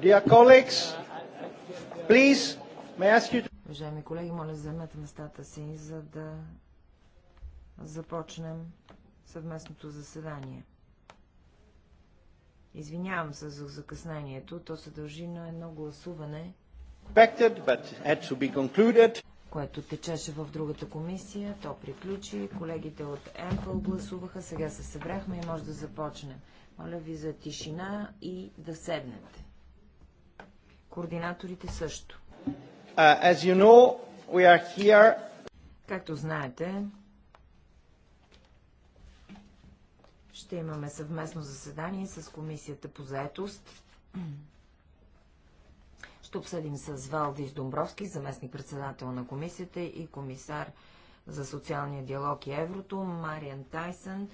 Dear colleagues, please, may I ask you to... Уважаеми колеги, моля да местата си, за да започнем съвместното заседание. Извинявам се за закъснението, то се дължи на едно гласуване, което течеше в другата комисия, то приключи, колегите от Емпл гласуваха, сега се събрахме и може да започнем. Моля ви за тишина и да седнете. Координаторите също. Uh, as you know, we are here... Както знаете, ще имаме съвместно заседание с Комисията по заетост. Ще обсъдим с Валдис Домбровски, заместник-председател на комисията и комисар за социалния диалог и еврото, Мариан Тайсън,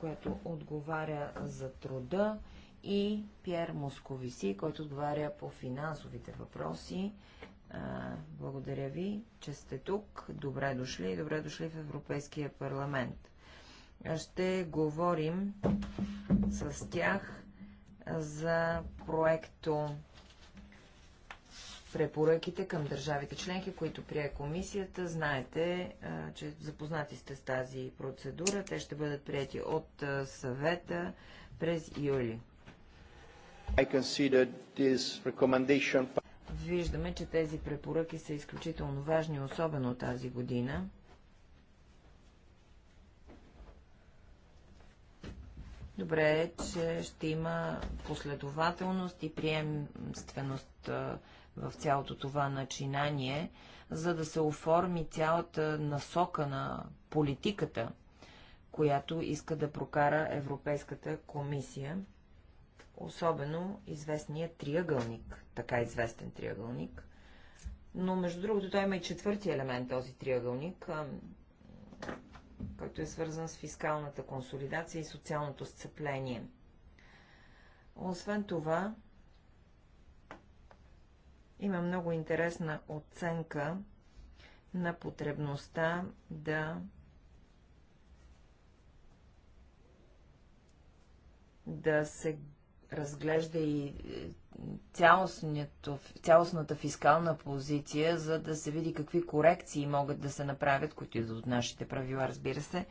която отговаря за труда и Пьер Московиси, който отговаря по финансовите въпроси. благодаря ви, че сте тук. Добре дошли и добре дошли в Европейския парламент. Ще говорим с тях за проекто препоръките към държавите членки, които прие комисията. Знаете, че запознати сте с тази процедура. Те ще бъдат прияти от съвета през юли. Виждаме, че тези препоръки са изключително важни, особено тази година. Добре е, че ще има последователност и приемственост в цялото това начинание, за да се оформи цялата насока на политиката, която иска да прокара Европейската комисия особено известният триъгълник, така известен триъгълник. Но, между другото, той има и четвърти елемент, този триъгълник, който е свързан с фискалната консолидация и социалното сцепление. Освен това, има много интересна оценка на потребността да да се разглежда и е, цялостната фискална позиция, за да се види какви корекции могат да се направят, които идват от нашите правила, разбира се,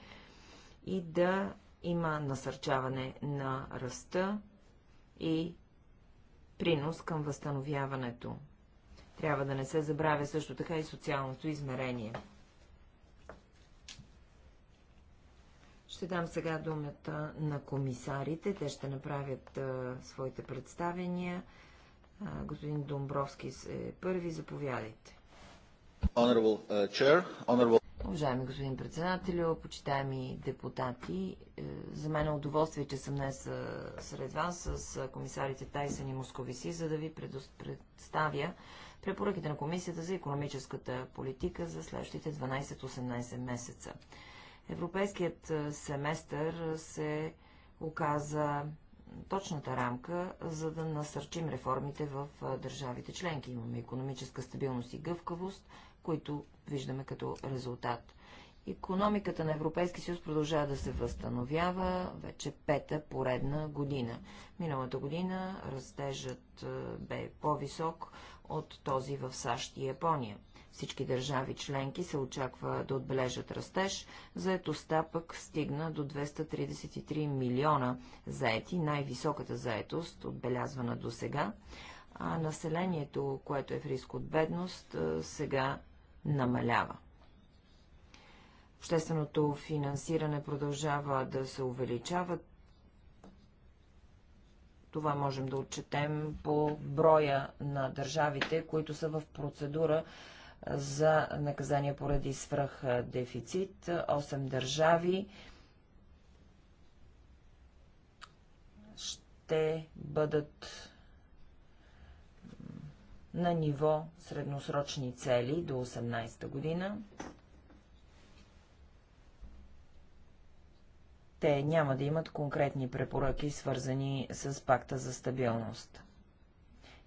и да има насърчаване на ръста и принос към възстановяването. Трябва да не се забравя също така и социалното измерение. Ще дам сега думата на комисарите. Те ще направят а, своите представения. А, господин Домбровски е първи. Заповядайте. Honorable, uh, chair, honorable... Уважаеми господин председател, почитаеми депутати, е, за мен е удоволствие, че съм днес сред вас с комисарите Тайсън и Московиси, за да ви представя препоръките на Комисията за економическата политика за следващите 12-18 месеца. Европейският семестър се оказа точната рамка, за да насърчим реформите в държавите членки. Имаме економическа стабилност и гъвкавост, които виждаме като резултат. Економиката на Европейски съюз продължава да се възстановява вече пета поредна година. Миналата година растежът бе по-висок от този в САЩ и Япония. Всички държави членки се очаква да отбележат растеж. Заетостта пък стигна до 233 милиона заети, най-високата заетост, отбелязвана до сега. А населението, което е в риск от бедност, сега намалява. Общественото финансиране продължава да се увеличава. Това можем да отчетем по броя на държавите, които са в процедура за наказания поради свръхдефицит. 8 държави ще бъдат на ниво средносрочни цели до 18-та година. Те няма да имат конкретни препоръки, свързани с пакта за стабилност.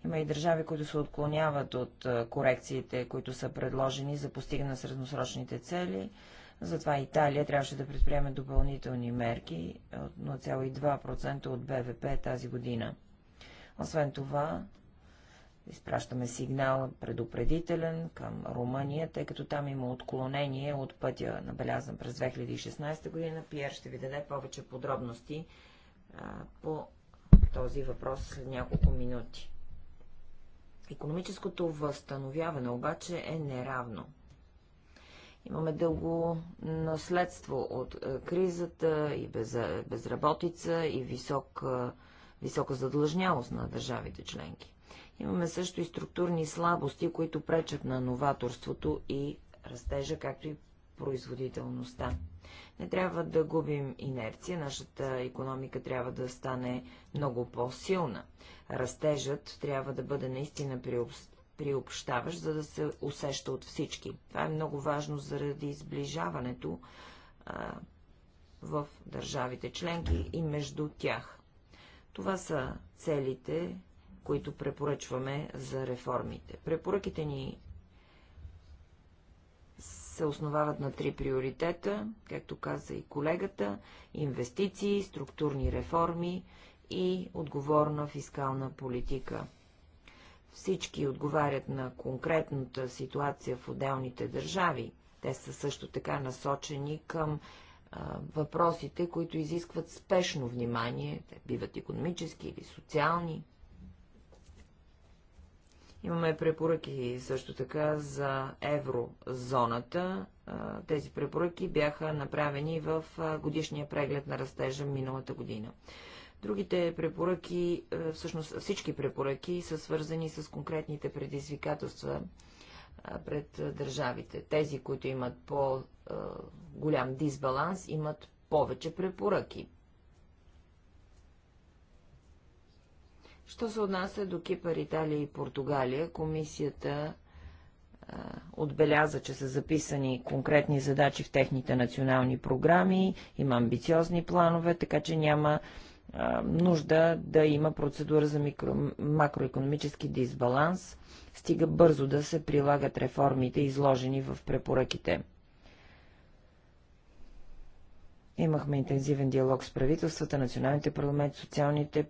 Има и държави, които се отклоняват от корекциите, които са предложени за постигане на средносрочните цели. Затова Италия трябваше да предприеме допълнителни мерки от 0,2% от БВП тази година. Освен това, изпращаме сигнал предупредителен към Румъния, тъй като там има отклонение от пътя, набелязан през 2016 година. Пиер ще ви даде повече подробности а, по този въпрос след няколко минути. Економическото възстановяване обаче е неравно. Имаме дълго наследство от е, кризата и е, безработица и висок, е, висока задлъжнялост на държавите членки. Имаме също и структурни слабости, които пречат на новаторството и растежа, както и производителността. Не трябва да губим инерция, нашата економика трябва да стане много по-силна. Растежът трябва да бъде наистина приобщаващ, за да се усеща от всички. Това е много важно заради сближаването а, в държавите членки и между тях. Това са целите, които препоръчваме за реформите. Препоръките ни се основават на три приоритета, както каза и колегата – инвестиции, структурни реформи и отговорна фискална политика. Всички отговарят на конкретната ситуация в отделните държави. Те са също така насочени към а, въпросите, които изискват спешно внимание. Те биват економически или социални – Имаме препоръки също така за еврозоната. Тези препоръки бяха направени в годишния преглед на растежа миналата година. Другите препоръки, всъщност всички препоръки са свързани с конкретните предизвикателства пред държавите. Тези, които имат по-голям дисбаланс, имат повече препоръки. Що се отнася до Кипър, Италия и Португалия, комисията а, отбеляза, че са записани конкретни задачи в техните национални програми, има амбициозни планове, така че няма а, нужда да има процедура за микро, макроекономически дисбаланс, стига бързо да се прилагат реформите, изложени в препоръките. Имахме интензивен диалог с правителствата, националните парламенти, социалните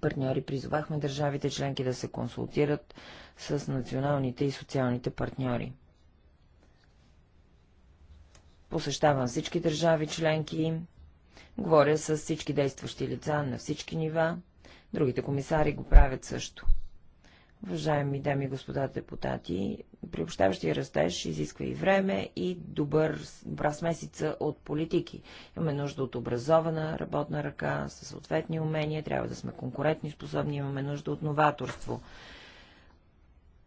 партньори. Призовахме държавите членки да се консултират с националните и социалните партньори. Посещавам всички държави членки, говоря с всички действащи лица на всички нива, другите комисари го правят също. Уважаеми дами и господа депутати, приобщаващия растеж изисква и време и добър, добра смесица от политики. Имаме нужда от образована работна ръка, със съответни умения, трябва да сме конкурентни способни, имаме нужда от новаторство.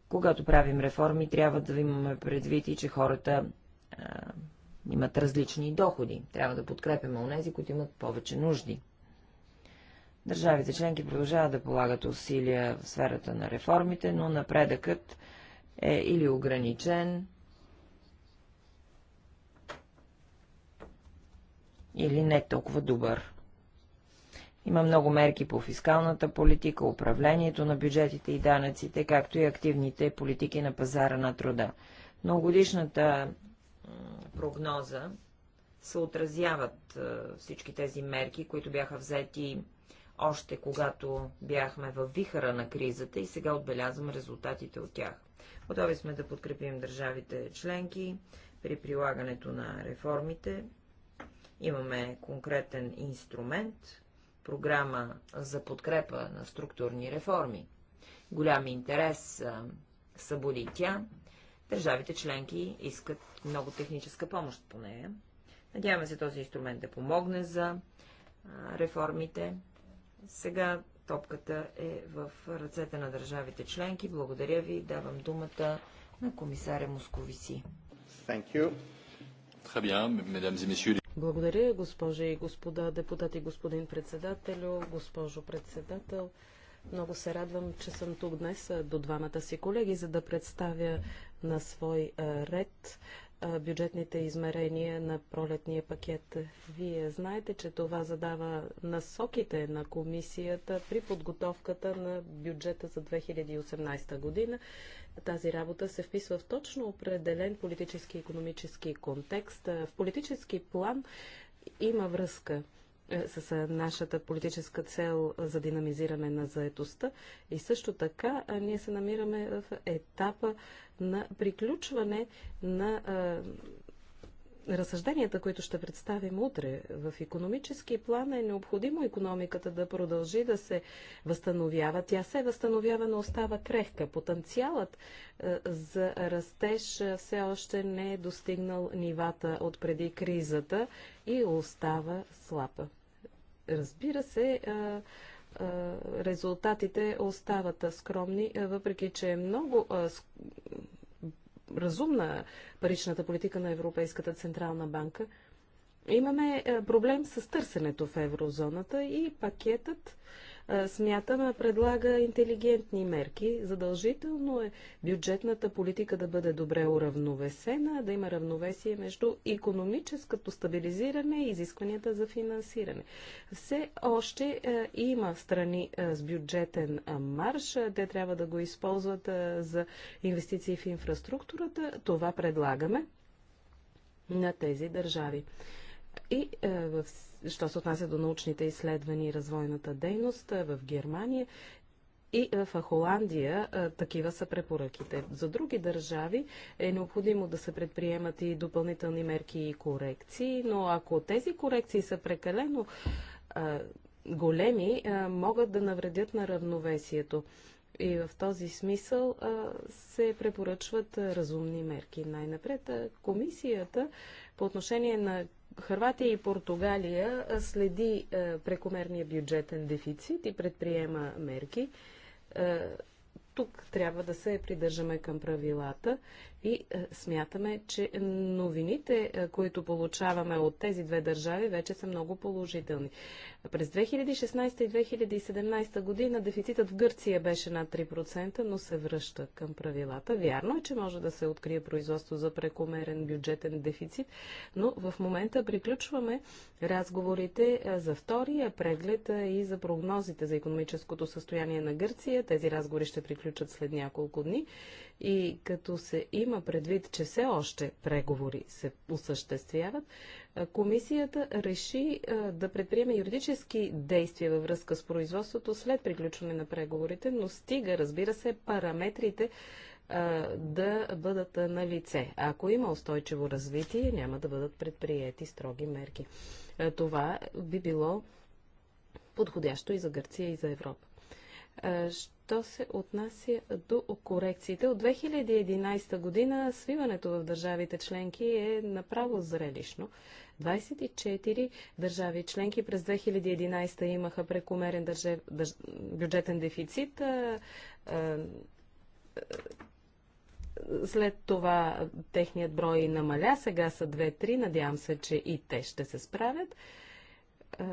Когато правим реформи, трябва да имаме предвид и, че хората а, имат различни доходи. Трябва да подкрепяме онези, които имат повече нужди. Държавите членки продължават да полагат усилия в сферата на реформите, но напредъкът е или ограничен, или не толкова добър. Има много мерки по фискалната политика, управлението на бюджетите и данъците, както и активните политики на пазара на труда. годишната прогноза се отразяват е, всички тези мерки, които бяха взети още когато бяхме в вихара на кризата и сега отбелязвам резултатите от тях. Готови сме да подкрепим държавите членки при прилагането на реформите. Имаме конкретен инструмент, програма за подкрепа на структурни реформи. Голям интерес събуди тя. Държавите членки искат много техническа помощ по нея. Надяваме се този инструмент да помогне за реформите. Сега топката е в ръцете на държавите членки. Благодаря ви. Давам думата на комисаря Московиси. Благодаря, госпожи и господа депутати, господин председателю, госпожо председател. Много се радвам, че съм тук днес до двамата си колеги, за да представя на свой ред бюджетните измерения на пролетния пакет. Вие знаете, че това задава насоките на комисията при подготовката на бюджета за 2018 година. Тази работа се вписва в точно определен политически и економически контекст. В политически план има връзка е, с е, нашата политическа цел за динамизиране на заетостта. И също така е, ние се намираме в етапа на приключване на разсъжденията, които ще представим утре. В економически план е необходимо економиката да продължи да се възстановява. Тя се възстановява, но остава крехка. Потенциалът за растеж все още не е достигнал нивата от преди кризата и остава слаба. Разбира се, резултатите остават скромни, въпреки че е много разумна паричната политика на Европейската Централна банка. Имаме проблем с търсенето в еврозоната и пакетът смятам, предлага интелигентни мерки. Задължително е бюджетната политика да бъде добре уравновесена, да има равновесие между економическото стабилизиране и изискванията за финансиране. Все още има страни с бюджетен марш. Те трябва да го използват за инвестиции в инфраструктурата. Това предлагаме на тези държави. И във в що се отнася до научните изследвания и развойната дейност в Германия и в Холандия такива са препоръките. За други държави е необходимо да се предприемат и допълнителни мерки и корекции, но ако тези корекции са прекалено а, големи, а, могат да навредят на равновесието. И в този смисъл а, се препоръчват разумни мерки. Най-напред комисията по отношение на Хрватия и Португалия следи прекомерния бюджетен дефицит и предприема мерки. тук трябва да се придържаме към правилата и е, смятаме, че новините, е, които получаваме от тези две държави, вече са много положителни. През 2016 и 2017 година дефицитът в Гърция беше над 3%, но се връща към правилата. Вярно е, че може да се открие производство за прекомерен бюджетен дефицит, но в момента приключваме разговорите е, за втория преглед и за прогнозите за економическото състояние на Гърция. Тези разговори ще приключат след няколко дни. И като се има предвид, че все още преговори се осъществяват, комисията реши да предприеме юридически действия във връзка с производството след приключване на преговорите, но стига, разбира се, параметрите да бъдат на лице. Ако има устойчиво развитие, няма да бъдат предприяти строги мерки. Това би било подходящо и за Гърция, и за Европа що се отнася до корекциите. От 2011 година свиването в държавите членки е направо зрелищно. 24 държави членки през 2011 имаха прекомерен държав... държ... бюджетен дефицит. А, а, след това техният брой намаля, сега са 2-3, надявам се, че и те ще се справят. А,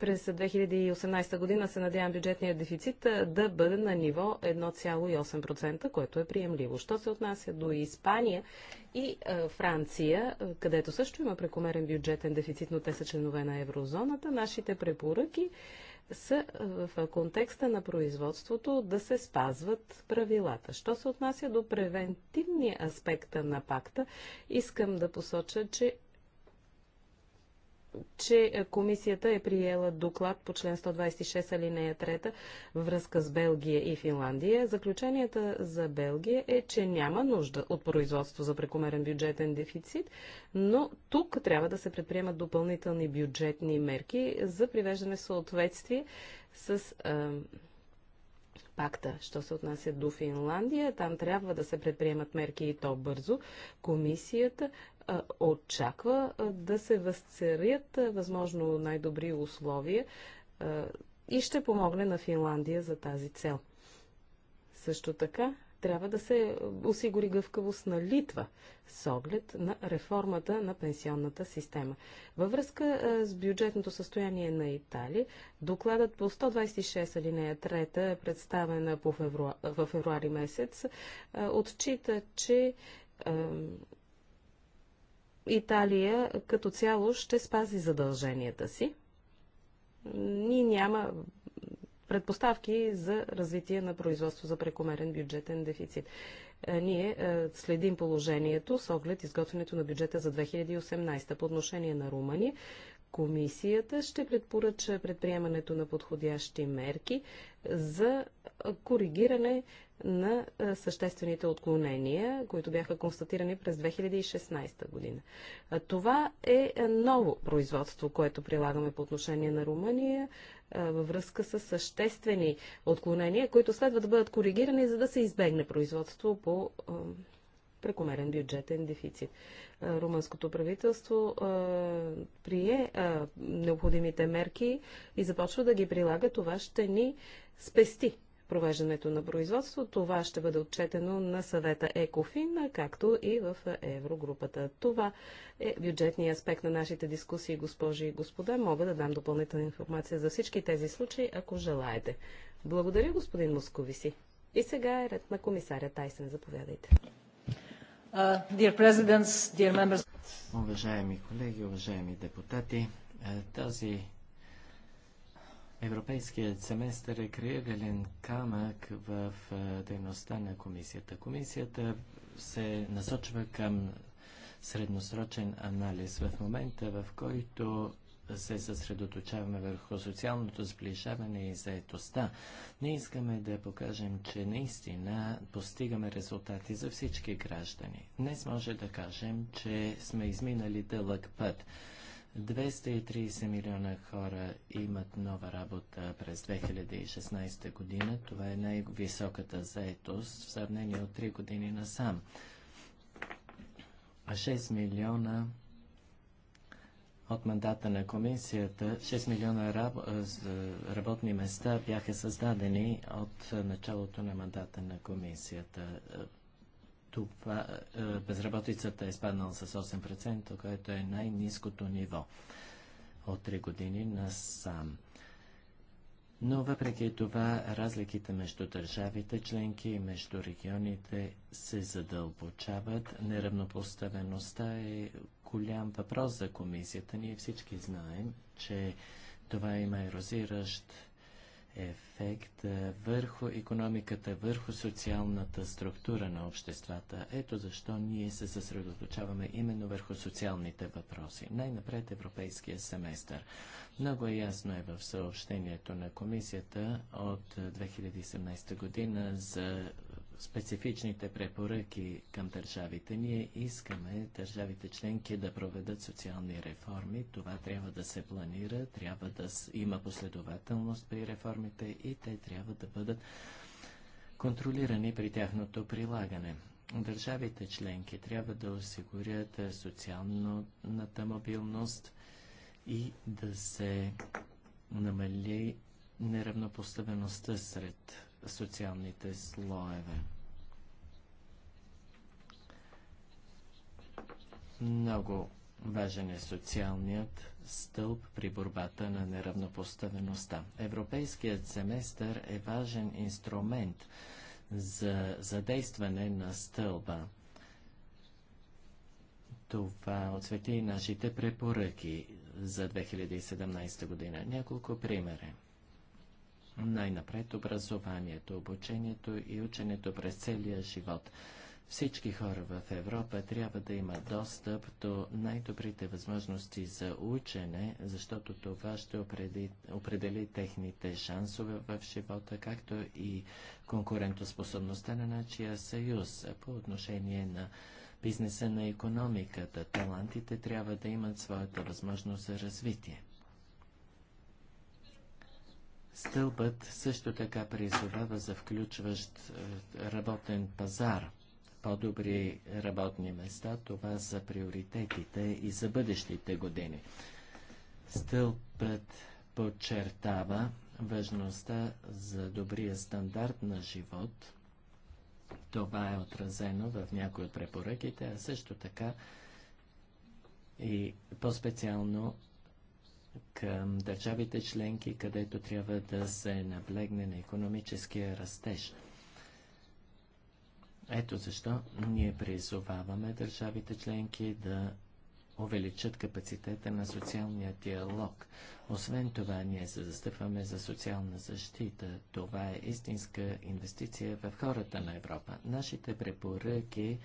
през 2018 година се надявам бюджетният дефицит да бъде на ниво 1,8%, което е приемливо. Що се отнася до Испания и Франция, където също има прекомерен бюджетен дефицит, но те са членове на еврозоната, нашите препоръки са в контекста на производството да се спазват правилата. Що се отнася до превентивния аспекта на пакта, искам да посоча, че че е, комисията е приела доклад по член 126 алинея 3 връзка с Белгия и Финландия. Заключенията за Белгия е, че няма нужда от производство за прекомерен бюджетен дефицит, но тук трябва да се предприемат допълнителни бюджетни мерки за привеждане в съответствие с а, е, пакта. Що се отнася до Финландия, там трябва да се предприемат мерки и то бързо. Комисията очаква да се възцарят възможно най-добри условия и ще помогне на Финландия за тази цел. Също така трябва да се осигури гъвкавост на Литва с оглед на реформата на пенсионната система. Във връзка с бюджетното състояние на Италия, докладът по 126 алинея 3 е представен в февруари месец. Отчита, че Италия като цяло ще спази задълженията си ни няма предпоставки за развитие на производство за прекомерен бюджетен дефицит. Е, ние е, следим положението с оглед изготвянето на бюджета за 2018. По отношение на Румъния, Комисията ще предпоръча предприемането на подходящи мерки за коригиране на съществените отклонения, които бяха констатирани през 2016 година. Това е ново производство, което прилагаме по отношение на Румъния във връзка с съществени отклонения, които следва да бъдат коригирани, за да се избегне производство по прекомерен бюджетен дефицит. Румънското правителство а, прие а, необходимите мерки и започва да ги прилага. Това ще ни спести провеждането на производство. Това ще бъде отчетено на съвета ЕКОФИН, както и в Еврогрупата. Това е бюджетния аспект на нашите дискусии, госпожи и господа. Мога да дам допълнителна информация за всички тези случаи, ако желаете. Благодаря, господин Московиси. И сега е ред на комисаря Тайсен. Заповядайте. Uh, уважаеми колеги, уважаеми депутати, е, този Европейският семестър е креирален камък в е, дейността на комисията. Комисията се насочва към средносрочен анализ в момента, в който се съсредоточаваме върху социалното сближаване и заетостта. Ние искаме да покажем, че наистина постигаме резултати за всички граждани. Днес може да кажем, че сме изминали дълъг път. 230 милиона хора имат нова работа през 2016 година. Това е най-високата заетост в сравнение от 3 години насам. А 6 милиона от мандата на комисията 6 милиона раб, работни места бяха създадени от началото на мандата на комисията. Това, безработицата е спаднала с 8%, което е най-низкото ниво от 3 години насам. Но въпреки това разликите между държавите членки и между регионите се задълбочават, неравнопоставеността е голям въпрос за комисията. Ние всички знаем, че това има ерозиращ ефект върху економиката, върху социалната структура на обществата. Ето защо ние се съсредоточаваме именно върху социалните въпроси. Най-напред европейския семестър. Много е ясно е в съобщението на комисията от 2017 година за специфичните препоръки към държавите. Ние искаме държавите членки да проведат социални реформи. Това трябва да се планира, трябва да има последователност при реформите и те трябва да бъдат контролирани при тяхното прилагане. Държавите членки трябва да осигурят е, социалната мобилност и да се намали неравнопоставеността сред социалните слоеве. Много важен е социалният стълб при борбата на неравнопоставеността. Европейският семестър е важен инструмент за задействане на стълба. Това отсвети и нашите препоръки за 2017 година. Няколко примера най-напред образованието, обучението и ученето през целия живот. Всички хора в Европа трябва да имат достъп до най-добрите възможности за учене, защото това ще определи, определи техните шансове в живота, както и конкурентоспособността на нашия съюз по отношение на бизнеса на економиката. Талантите трябва да имат своята възможност за развитие. Стълбът също така призовава за включващ е, работен пазар, по-добри работни места, това за приоритетите и за бъдещите години. Стълбът подчертава важността за добрия стандарт на живот. Това е отразено в някои от препоръките, а също така и по-специално към държавите членки, където трябва да се наблегне на економическия растеж. Ето защо ние призоваваме държавите членки да увеличат капацитета на социалния диалог. Освен това, ние се застъпваме за социална защита. Това е истинска инвестиция в хората на Европа. Нашите препоръки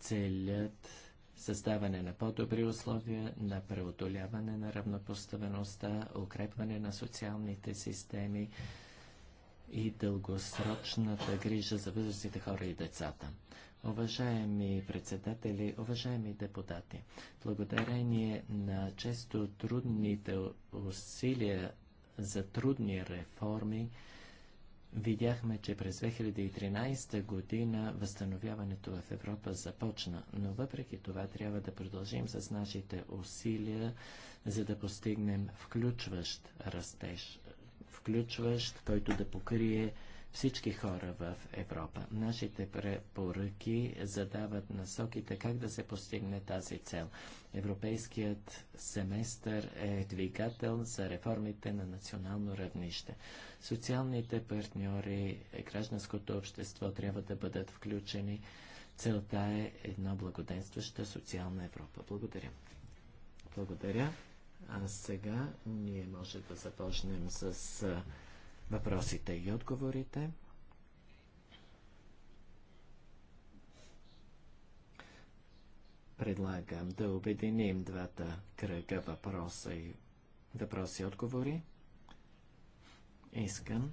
целят създаване на по-добри условия, на преодоляване на равнопоставеността, укрепване на социалните системи и дългосрочната грижа за възрастните хора и децата. Уважаеми председатели, уважаеми депутати, благодарение на често трудните усилия за трудни реформи, Видяхме, че през 2013 година възстановяването в Европа започна, но въпреки това трябва да продължим с нашите усилия, за да постигнем включващ растеж, включващ, който да покрие всички хора в Европа. Нашите препоръки задават насоките как да се постигне тази цел. Европейският семестър е двигател за реформите на национално равнище. Социалните партньори, гражданското общество трябва да бъдат включени. Целта е една благоденстваща социална Европа. Благодаря. Благодаря. А сега ние може да започнем с въпросите и отговорите. Предлагам да обединим двата кръга въпроса и въпроси и отговори. Искам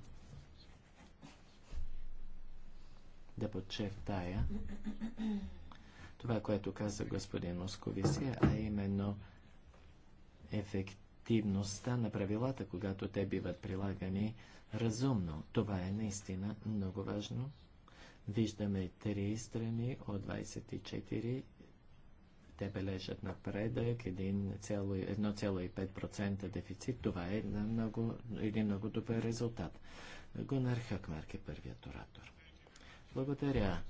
да подчертая това, което каза господин Московиси, а именно ефект ефективността на правилата, когато те биват прилагани разумно. Това е наистина много важно. Виждаме три страни от 24. Те бележат напредък, 1,5% дефицит. Това е един много, един много добър резултат. Гонар Хакмарк е първият оратор. Благодаря.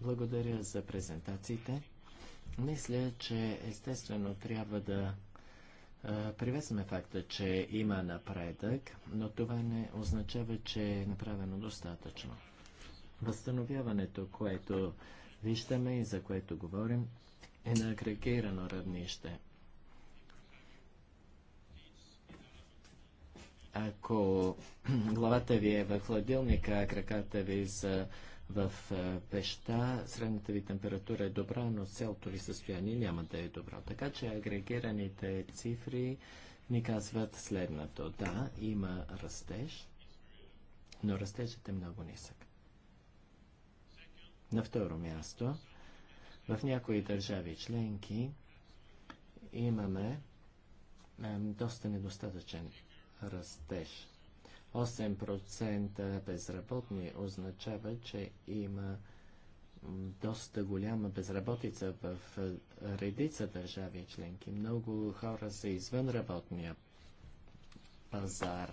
Благодаря за презентациите. Мисля, че естествено трябва да е, приветстваме факта, че има напредък, но това не означава, че е направено достатъчно. Възстановяването, което виждаме и за което говорим, е на агрегирано равнище. Ако главата ви е в хладилника, а краката ви са в е, пеща средната ви температура е добра, но цялото ви състояние няма да е добро. Така че агрегираните цифри ни казват следното. Да, има растеж, но растежът е много нисък. На второ място, в някои държави членки имаме е, доста недостатъчен растеж. 8% безработни означава, че има доста голяма безработица в редица държави и членки. Много хора са извън работния пазар.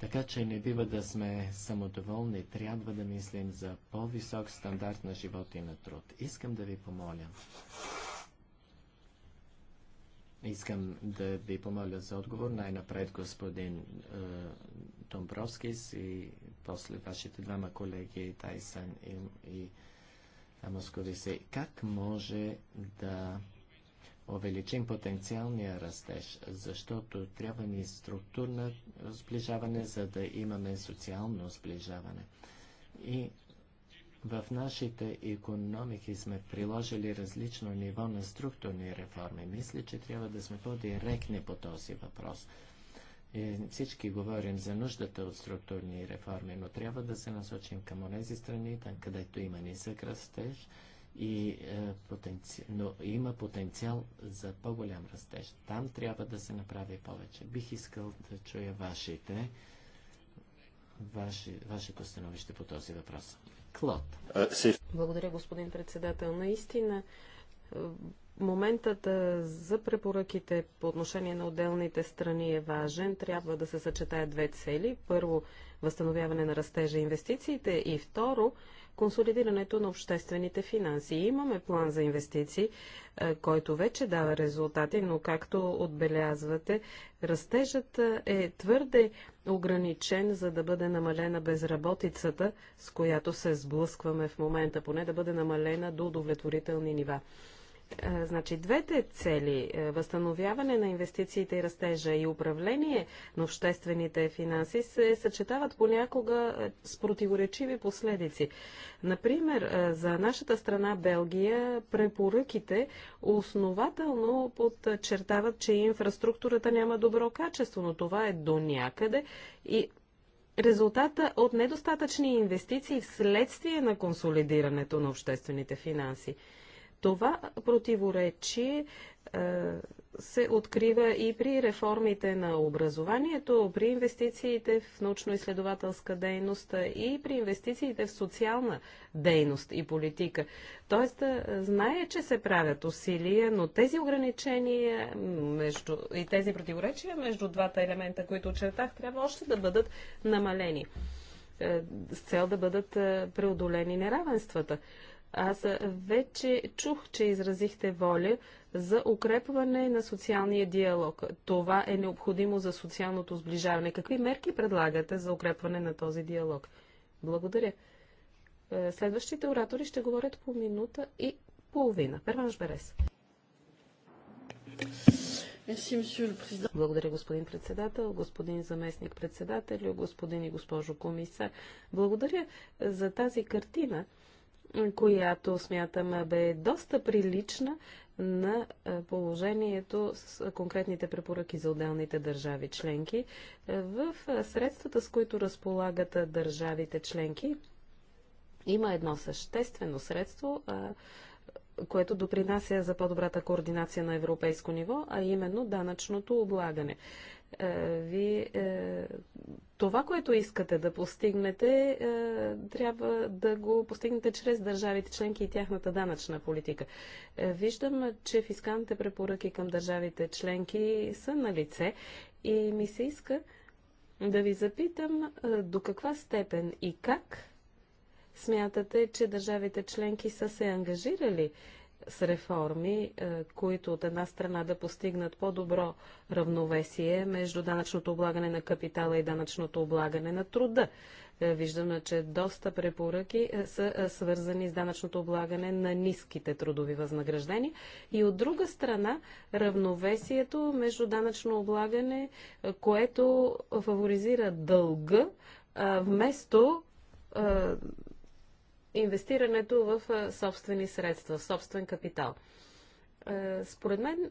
Така че не бива да сме самодоволни, трябва да мислим за по-висок стандарт на живот и на труд. Искам да ви помоля Искам да ви помоля за отговор. Най-напред господин е, Домбровскис и после вашите двама колеги Тайсън и, и Московиси. Как може да увеличим потенциалния растеж, защото трябва ни структурно сближаване, за да имаме социално сближаване. И в нашите економики сме приложили различно ниво на структурни реформи. Мисля, че трябва да сме по-директни по този въпрос. И е, всички говорим за нуждата от структурни реформи, но трябва да се насочим към онези страни, там където има нисък растеж и е, потенци... но има потенциал за по-голям растеж. Там трябва да се направи повече. Бих искал да чуя вашите, ваши, вашето становище по този въпрос. Клод. Благодаря, господин председател. Наистина, е, моментът е, за препоръките по отношение на отделните страни е важен. Трябва да се съчетаят две цели. Първо, възстановяване на растежа инвестициите и второ, консолидирането на обществените финанси. Имаме план за инвестиции, е, който вече дава резултати, но както отбелязвате, растежът е твърде ограничен, за да бъде намалена безработицата, с която се сблъскваме в момента, поне да бъде намалена до удовлетворителни нива. Е, значи двете цели е, възстановяване на инвестициите и растежа и управление на обществените финанси се съчетават понякога е, с противоречиви последици. Например, за нашата страна Белгия препоръките основателно подчертават, че инфраструктурата няма добро качество, но това е до някъде и резултата от недостатъчни инвестиции вследствие на консолидирането на обществените финанси. Това противоречие се открива и при реформите на образованието, при инвестициите в научно-изследователска дейност и при инвестициите в социална дейност и политика. Тоест, е, знае, че се правят усилия, но тези ограничения между, и тези противоречия между двата елемента, които очертах, трябва още да бъдат намалени е, с цел да бъдат е, преодолени неравенствата. Аз вече чух, че изразихте воля за укрепване на социалния диалог. Това е необходимо за социалното сближаване. Какви мерки предлагате за укрепване на този диалог? Благодаря. Е, следващите оратори ще говорят по минута и половина. Перванш Берес. Благодаря, господин председател, господин заместник председател, господин и госпожо комисар. Благодаря за тази картина която смятам бе доста прилична на положението с конкретните препоръки за отделните държави членки. В средствата, с които разполагат държавите членки, има едно съществено средство, което допринася за по-добрата координация на европейско ниво, а именно данъчното облагане. Е, ви, е, това, което искате да постигнете, е, трябва да го постигнете чрез държавите членки и тяхната данъчна политика. Виждам, че фискалните препоръки към държавите членки са на лице и ми се иска да ви запитам до каква степен и как смятате, че държавите членки са се ангажирали с реформи, е, които от една страна да постигнат по-добро равновесие между данъчното облагане на капитала и данъчното облагане на труда. Е, виждаме, че доста препоръки е, са свързани с данъчното облагане на ниските трудови възнаграждения. И от друга страна, равновесието между данъчно облагане, което фаворизира дълга, вместо инвестирането в собствени средства, в собствен капитал. Според мен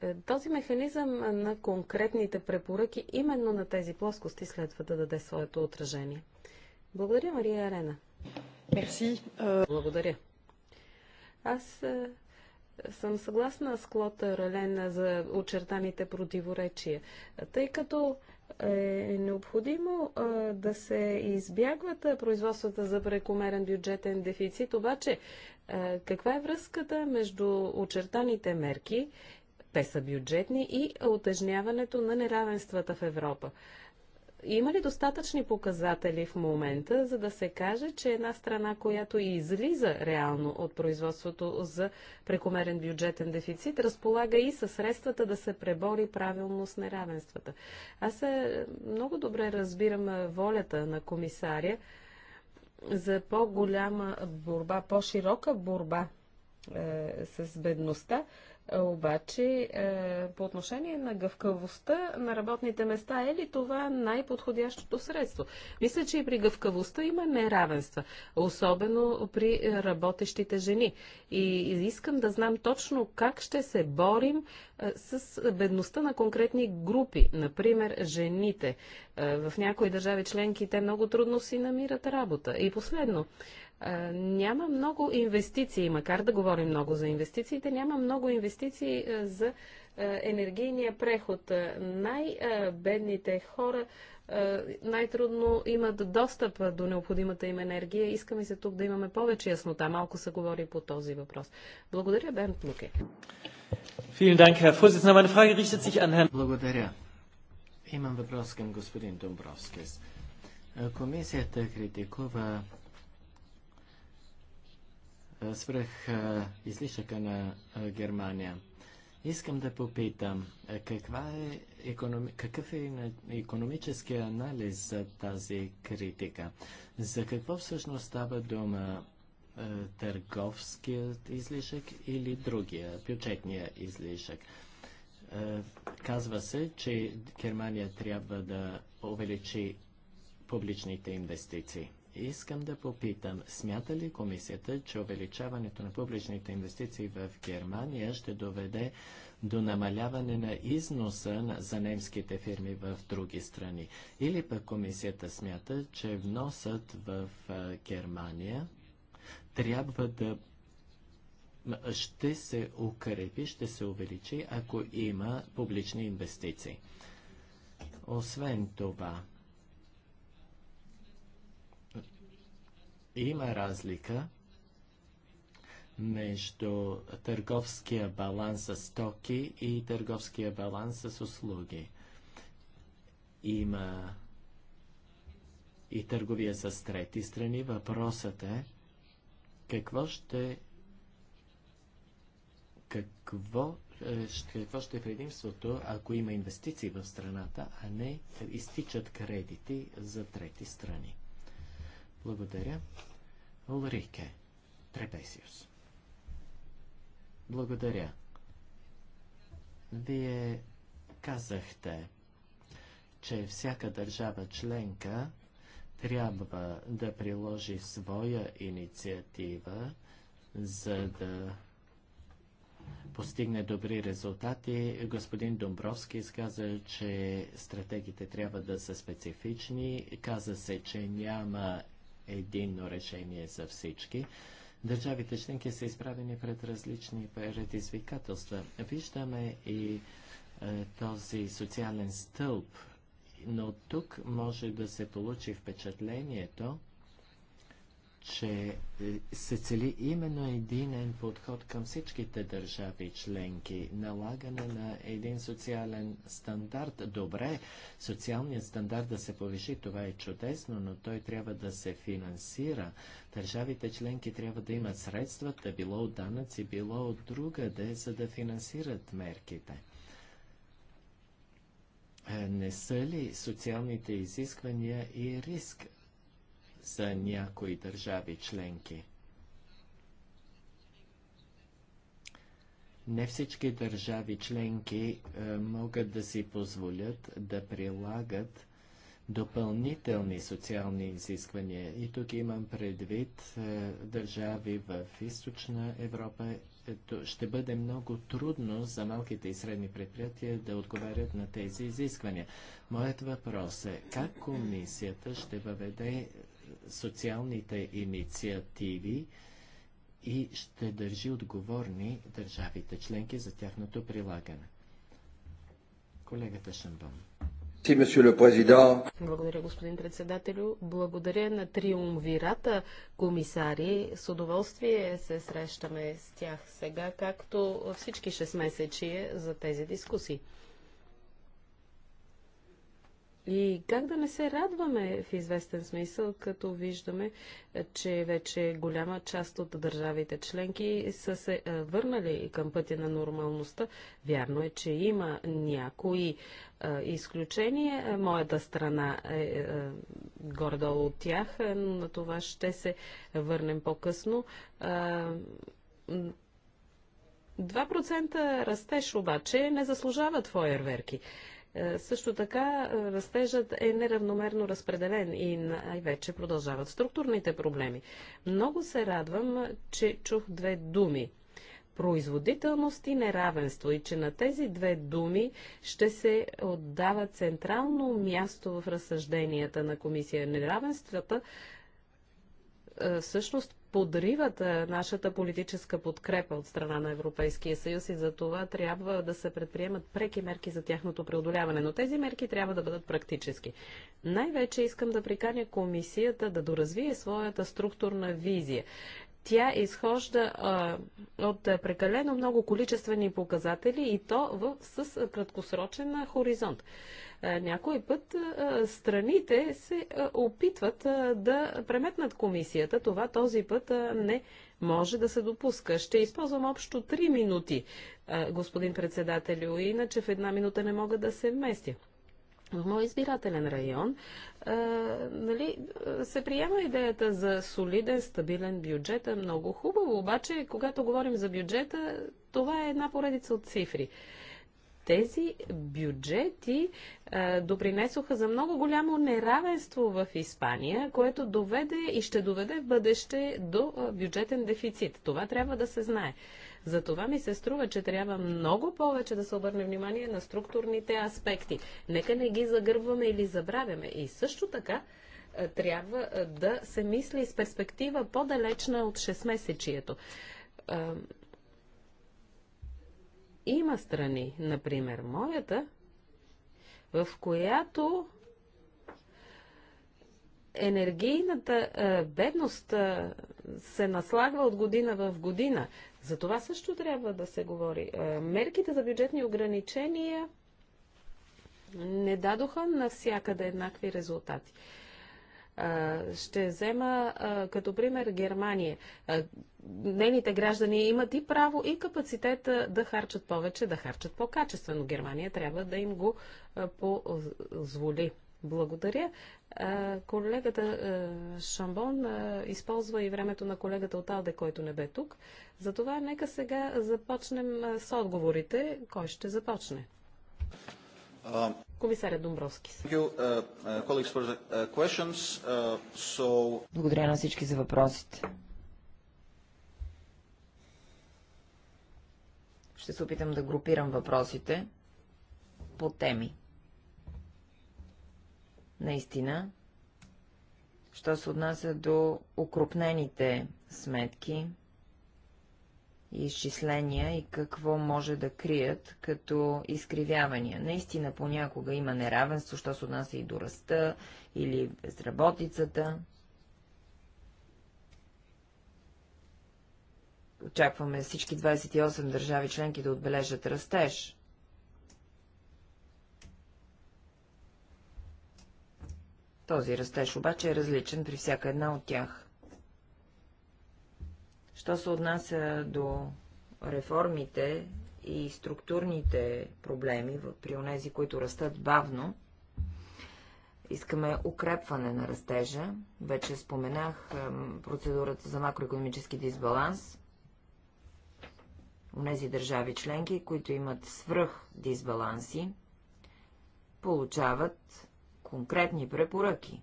е, този механизъм на конкретните препоръки именно на тези плоскости следва да даде своето отражение. Благодаря, Мария Арена. Мерси. Благодаря. Аз съм съгласна с Клота Ралена за очертаните противоречия, тъй като е необходимо а, да се избягват производствата за прекомерен бюджетен дефицит. Обаче, а, каква е връзката между очертаните мерки, те са бюджетни, и отъжняването на неравенствата в Европа? Има ли достатъчни показатели в момента, за да се каже, че една страна, която излиза реално от производството за прекомерен бюджетен дефицит, разполага и със средствата да се пребори правилно с неравенствата? Аз е, много добре разбирам е, волята на комисаря за по-голяма борба, по-широка борба е, с бедността, обаче, е, по отношение на гъвкавостта на работните места, е ли това най-подходящото средство? Мисля, че и при гъвкавостта има неравенства, особено при работещите жени. И искам да знам точно как ще се борим е, с бедността на конкретни групи, например жените. Е, в някои държави членки те много трудно си намират работа. И последно, няма много инвестиции, макар да говорим много за инвестициите, няма много инвестиции за енергийния преход. Най-бедните хора най-трудно имат достъп до необходимата им енергия. Искаме се тук да имаме повече яснота. Малко се говори по този въпрос. Благодаря, Бен Плуке. Благодаря. Имам въпрос към господин Домбровскис. Комисията критикува свръх излишъка на Германия. Искам да попитам, каква е економи... какъв е економическия анализ за тази критика? За какво всъщност става дума? Търговският излишък или другия, бюджетния излишък? Казва се, че Германия трябва да увеличи публичните инвестиции. Искам да попитам, смята ли комисията, че увеличаването на публичните инвестиции в Германия ще доведе до намаляване на износа за немските фирми в други страни? Или пък комисията смята, че вносът в Германия трябва да ще се укрепи, ще се увеличи, ако има публични инвестиции. Освен това, има разлика между търговския баланс с стоки и търговския баланс с услуги. Има и търговия с трети страни. Въпросът е какво ще какво, е, какво ще е предимството, ако има инвестиции в страната, а не изтичат кредити за трети страни. Благодаря. Улрике Трепесиус. Благодаря. Вие казахте, че всяка държава членка трябва да приложи своя инициатива, за да постигне добри резултати. Господин Домбровски каза, че стратегите трябва да са специфични. Каза се, че няма единно решение за всички. Държавите членки са изправени пред различни предизвикателства. Виждаме и е, този социален стълб, но тук може да се получи впечатлението, че е, се цели именно единен подход към всичките държави членки, налагане на един социален стандарт. Добре, социалният стандарт да се повиши, това е чудесно, но той трябва да се финансира. Държавите членки трябва да имат средствата, било от данъци, било от другаде, за да финансират мерките. Е, не са ли социалните изисквания и риск? за някои държави членки. Не всички държави членки е, могат да си позволят да прилагат допълнителни социални изисквания. И тук имам предвид е, държави в източна Европа. Ето, ще бъде много трудно за малките и средни предприятия да отговарят на тези изисквания. Моят въпрос е как комисията ще въведе социалните инициативи и ще държи отговорни държавите членки за тяхното прилагане. Колегата Шамбон. Благодаря, господин председателю. Благодаря на триумвирата комисари. С удоволствие се срещаме с тях сега, както всички 6 месечи за тези дискусии. И как да не се радваме в известен смисъл, като виждаме, е, че вече голяма част от държавите членки са се е, върнали към пътя на нормалността. Вярно е, че има някои е, изключения. Моята страна е горда от тях, но на това ще се върнем по-късно. 2% растеж обаче не заслужава фойерверки. верки. Е, също така е, растежът е неравномерно разпределен и най-вече продължават структурните проблеми. Много се радвам, че чух две думи производителност и неравенство и че на тези две думи ще се отдава централно място в разсъжденията на комисия. Неравенствата е, всъщност подриват е, нашата политическа подкрепа от страна на Европейския съюз и за това трябва да се предприемат преки мерки за тяхното преодоляване. Но тези мерки трябва да бъдат практически. Най-вече искам да приканя комисията да доразвие своята структурна визия тя изхожда а, от прекалено много количествени показатели и то в, с краткосрочен хоризонт. някой път страните се опитват да преметнат комисията. Това този път не може да се допуска. Ще използвам общо 3 минути, господин председателю, иначе в една минута не мога да се вместя в моят избирателен район, а, нали, се приема идеята за солиден, стабилен бюджет. Е много хубаво, обаче, когато говорим за бюджета, това е една поредица от цифри. Тези бюджети а, допринесоха за много голямо неравенство в Испания, което доведе и ще доведе в бъдеще до бюджетен дефицит. Това трябва да се знае. Затова ми се струва, че трябва много повече да се обърне внимание на структурните аспекти. Нека не ги загърбваме или забравяме. И също така е, трябва е, да се мисли с перспектива по-далечна от 6-месечието. Е, има страни, например моята, в която енергийната бедност се наслагва от година в година. За това също трябва да се говори. Е, мерките за бюджетни ограничения не дадоха навсякъде еднакви резултати. Е, ще взема е, като пример Германия. Нейните граждани имат и право, и капацитет да харчат повече, да харчат по-качествено. Германия трябва да им го позволи. Благодаря. Колегата Шамбон използва и времето на колегата от Алде, който не бе тук. Затова нека сега започнем с отговорите. Кой ще започне? Комисарят Домбровски. Благодаря на всички за въпросите. Ще се опитам да групирам въпросите по теми. Наистина, що се отнася до укрупнените сметки и изчисления и какво може да крият като изкривявания. Наистина понякога има неравенство, що се отнася и до ръста или безработицата. Очакваме всички 28 държави членки да отбележат растеж. Този растеж обаче е различен при всяка една от тях. Що се отнася до реформите и структурните проблеми при онези, които растат бавно, искаме укрепване на растежа. Вече споменах процедурата за макроекономически дисбаланс. Онези държави членки, които имат свръх дисбаланси, получават конкретни препоръки.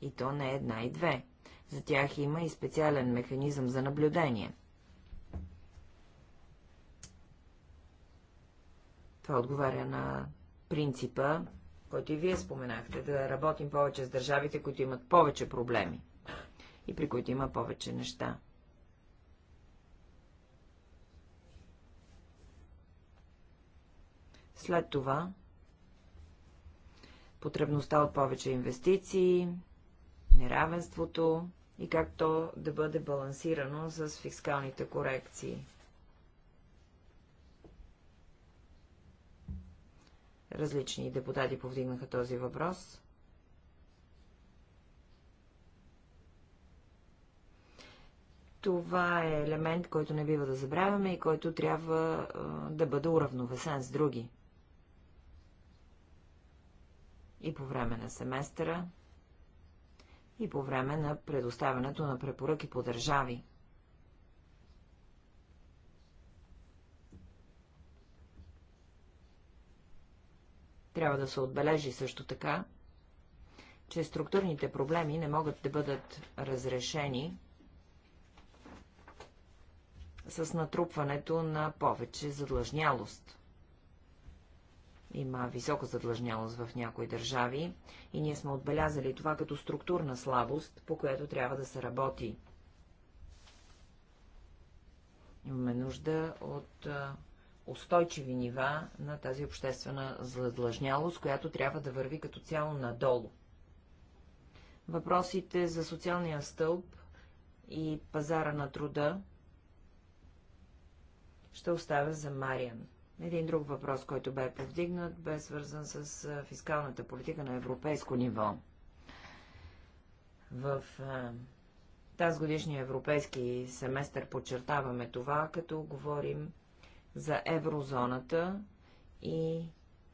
И то не една и две. За тях има и специален механизъм за наблюдение. Това отговаря на принципа, който и вие споменахте, да работим повече с държавите, които имат повече проблеми и при които има повече неща. След това потребността от повече инвестиции, неравенството и как то да бъде балансирано с фискалните корекции. Различни депутати повдигнаха този въпрос. Това е елемент, който не бива да забравяме и който трябва да бъде уравновесен с други и по време на семестъра, и по време на предоставянето на препоръки по държави. Трябва да се отбележи също така, че структурните проблеми не могат да бъдат разрешени с натрупването на повече задлъжнялост. Има висока задлъжнялост в някои държави и ние сме отбелязали това като структурна слабост, по която трябва да се работи. Имаме нужда от устойчиви нива на тази обществена задлъжнялост, която трябва да върви като цяло надолу. Въпросите за социалния стълб и пазара на труда ще оставя за Мариан. Един друг въпрос, който бе повдигнат, бе свързан с фискалната политика на европейско ниво. В тази годишния европейски семестър подчертаваме това, като говорим за еврозоната и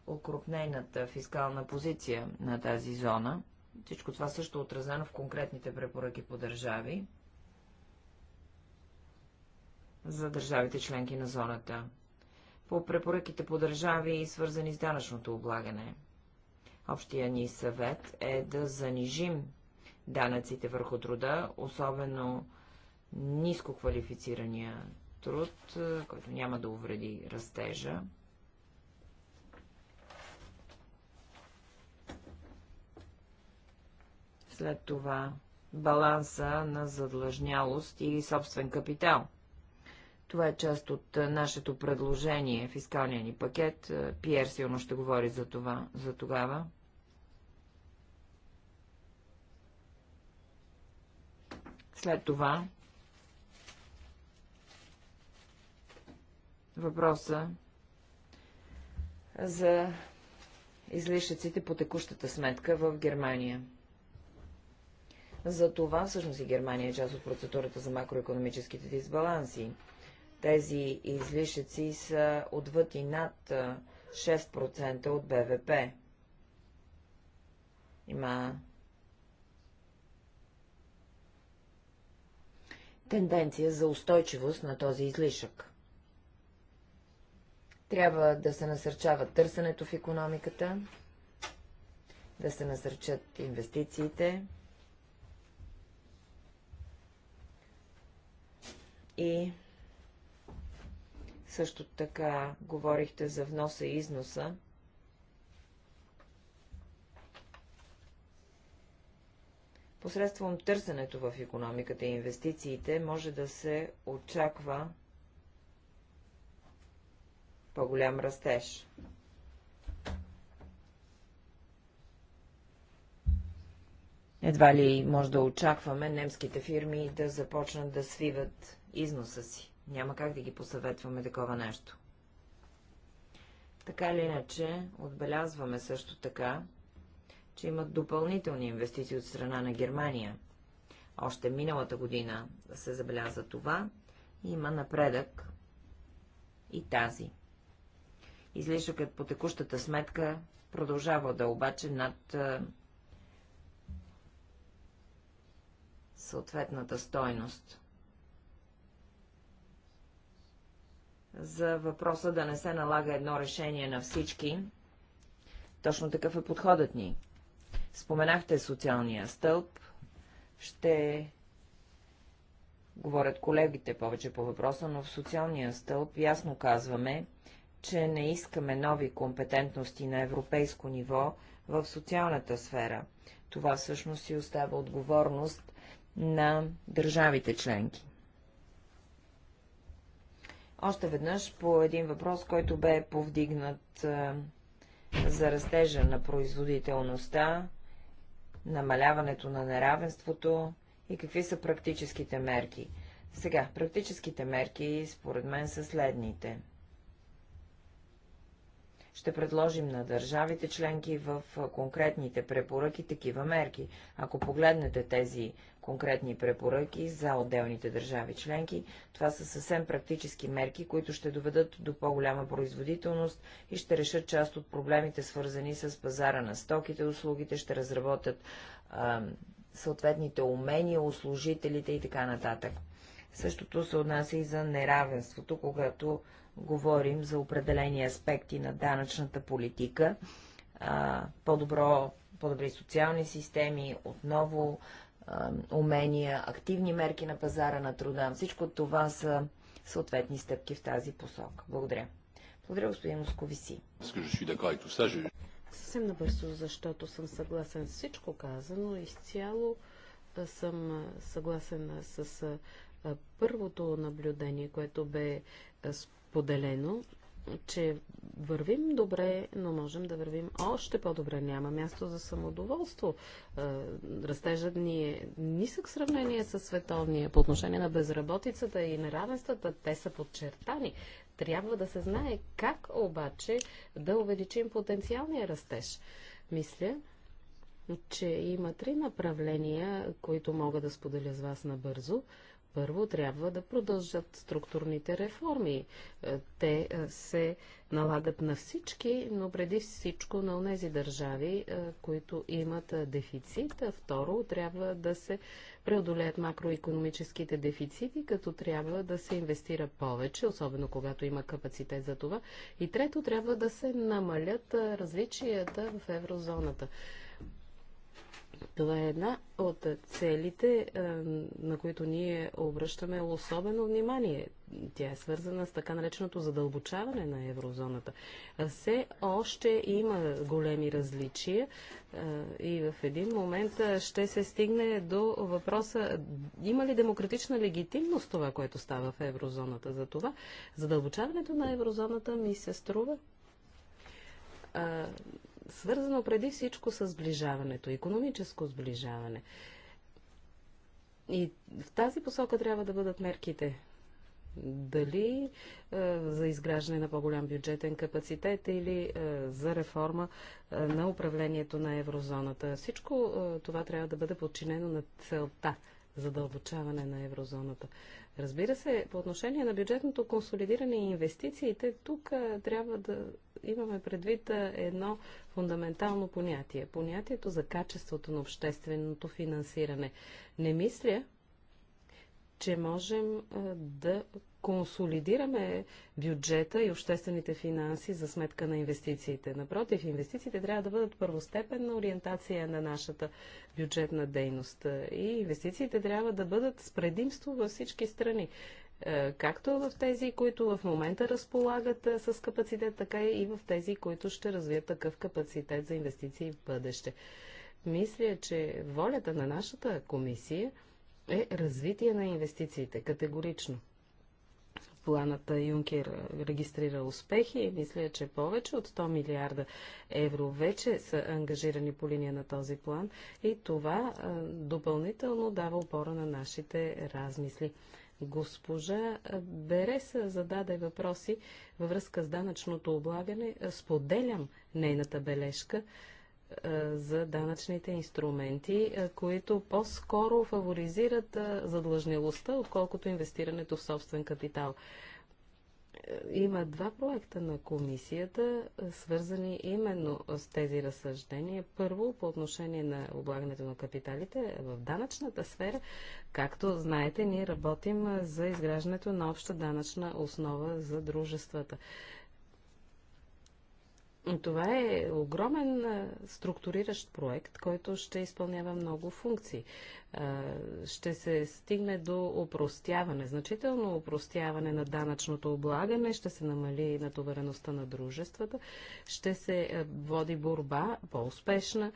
окрупнената фискална позиция на тази зона. Всичко това също е отразено в конкретните препоръки по държави за държавите членки на зоната по препоръките по държави, свързани с данъчното облагане. Общия ни съвет е да занижим данъците върху труда, особено ниско квалифицирания труд, е, който няма да увреди растежа. След това баланса на задлъжнялост и собствен капитал – това е част от нашето предложение, фискалния ни пакет. Пиер силно ще говори за това, за тогава. След това въпроса за излишъците по текущата сметка в Германия. За това всъщност и Германия е част от процедурата за макроекономическите дисбаланси. Тези излишъци са отвъд и над 6% от БВП. Има тенденция за устойчивост на този излишък. Трябва да се насърчава търсенето в економиката, да се насърчат инвестициите и също така говорихте за вноса и износа. Посредством търсенето в економиката и инвестициите може да се очаква по-голям растеж. Едва ли може да очакваме немските фирми да започнат да свиват износа си. Няма как да ги посъветваме такова нещо. Така или иначе, отбелязваме също така, че имат допълнителни инвестиции от страна на Германия. Още миналата година се забеляза това и има напредък и тази. Излишъкът по текущата сметка продължава да е обаче над съответната стойност. за въпроса да не се налага едно решение на всички. Точно такъв е подходът ни. Споменахте социалния стълб. Ще говорят колегите повече по въпроса, но в социалния стълб ясно казваме, че не искаме нови компетентности на европейско ниво в социалната сфера. Това всъщност си остава отговорност на държавите членки. Още веднъж по един въпрос, който бе повдигнат е, за растежа на производителността, намаляването на неравенството и какви са практическите мерки. Сега, практическите мерки според мен са следните. Ще предложим на държавите членки в конкретните препоръки такива мерки. Ако погледнете тези конкретни препоръки за отделните държави членки. Това са съвсем практически мерки, които ще доведат до по-голяма производителност и ще решат част от проблемите, свързани с пазара на стоките, услугите, ще разработят а, съответните умения у служителите и така нататък. Същото се отнася и за неравенството, когато говорим за определени аспекти на данъчната политика, по-добро, по-добри социални системи, отново умения, активни мерки на пазара на труда. Всичко това са съответни стъпки в тази посока. Благодаря. Благодаря, господин Московиси. Съвсем набързо, защото съм съгласен с всичко казано. Изцяло съм съгласен с първото наблюдение, което бе споделено че вървим добре, но можем да вървим още по-добре. Няма място за самодоволство. Е, растежът ни е нисък в сравнение с световния. По отношение на безработицата и неравенствата, те са подчертани. Трябва да се знае как обаче да увеличим потенциалния растеж. Мисля, че има три направления, които мога да споделя с вас набързо. Първо трябва да продължат структурните реформи. Е, те е, се налагат на всички, но преди всичко на тези държави, е, които имат дефицит. второ, трябва да се преодолеят макроекономическите дефицити, като трябва да се инвестира повече, особено когато има капацитет за това. И трето, трябва да се намалят различията в еврозоната. Това е една от целите, на които ние обръщаме особено внимание. Тя е свързана с така нареченото задълбочаване на еврозоната. Все още има големи различия и в един момент ще се стигне до въпроса има ли демократична легитимност това, което става в еврозоната. За това задълбочаването на еврозоната ми се струва свързано преди всичко с сближаването, економическо сближаване. И в тази посока трябва да бъдат мерките. Дали е, за изграждане на по-голям бюджетен капацитет или е, за реформа е, на управлението на еврозоната. Всичко е, това трябва да бъде подчинено на целта задълбочаване на еврозоната. Разбира се, по отношение на бюджетното консолидиране и инвестициите, тук трябва да имаме предвид едно фундаментално понятие. Понятието за качеството на общественото финансиране. Не мисля, че можем да консолидираме бюджета и обществените финанси за сметка на инвестициите. Напротив, инвестициите трябва да бъдат първостепенна ориентация на нашата бюджетна дейност. И инвестициите трябва да бъдат с предимство във всички страни. Е, както в тези, които в момента разполагат е, с капацитет, така и в тези, които ще развият такъв капацитет за инвестиции в бъдеще. Мисля, че волята на нашата комисия е развитие на инвестициите, категорично планата Юнкер регистрира успехи и мисля, че повече от 100 милиарда евро вече са ангажирани по линия на този план и това допълнително дава опора на нашите размисли. Госпожа Береса зададе въпроси във връзка с данъчното облагане. Споделям нейната бележка за данъчните инструменти, които по-скоро фаворизират задлъжнилостта, отколкото инвестирането в собствен капитал. Е, има два проекта на комисията, свързани именно с тези разсъждения. Първо, по отношение на облагането на капиталите в данъчната сфера. Както знаете, ние работим за изграждането на обща данъчна основа за дружествата. Това е огромен структуриращ проект, който ще изпълнява много функции. Ще се стигне до опростяване, значително опростяване на данъчното облагане, ще се намали натовареността на дружествата, ще се води борба по-успешна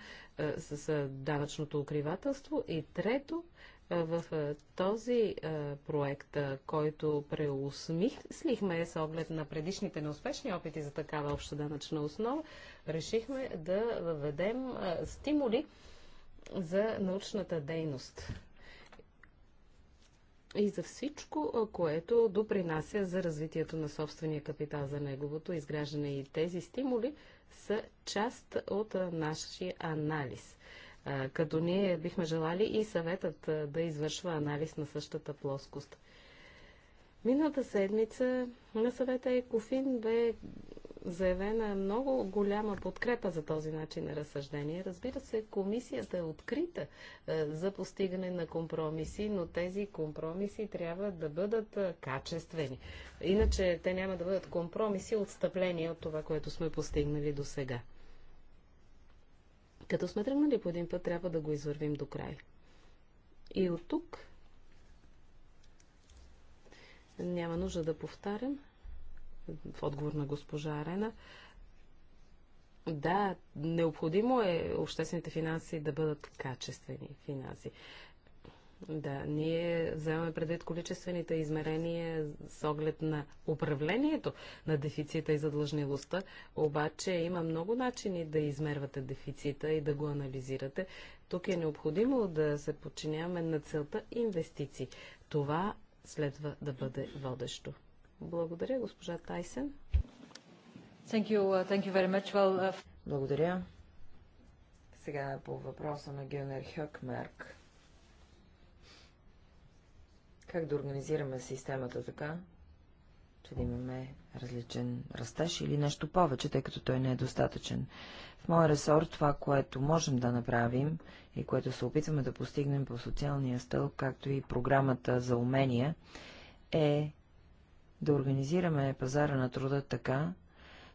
с данъчното укривателство и трето в този проект, който преосмислихме с оглед на предишните неуспешни опити за такава обща данъчна основа, решихме да въведем стимули за научната дейност и за всичко, което допринася за развитието на собствения капитал за неговото изграждане. И тези стимули са част от нашия анализ – като ние бихме желали и съветът да извършва анализ на същата плоскост. Миналата седмица на съвета Екофин бе заявена много голяма подкрепа за този начин на разсъждение. Разбира се, комисията е открита за постигане на компромиси, но тези компромиси трябва да бъдат качествени. Иначе те няма да бъдат компромиси, отстъпления от това, което сме постигнали до сега. Като сме тръгнали по един път, трябва да го извървим до край. И от тук няма нужда да повтарям в отговор на госпожа Арена. Да, необходимо е обществените финанси да бъдат качествени финанси. Да, ние вземаме предвид количествените измерения с оглед на управлението на дефицита и задлъжнилостта, обаче има много начини да измервате дефицита и да го анализирате. Тук е необходимо да се подчиняваме на целта инвестиции. Това следва да бъде водещо. Благодаря, госпожа Тайсен. Thank you, uh, thank you very much. Well, uh... Благодаря. Сега по въпроса на Гюнер Хъкмерк как да организираме системата така, че да имаме различен растеж или нещо повече, тъй като той не е достатъчен. В моя ресор това, което можем да направим и което се опитваме да постигнем по социалния стълб, както и програмата за умения, е да организираме пазара на труда така,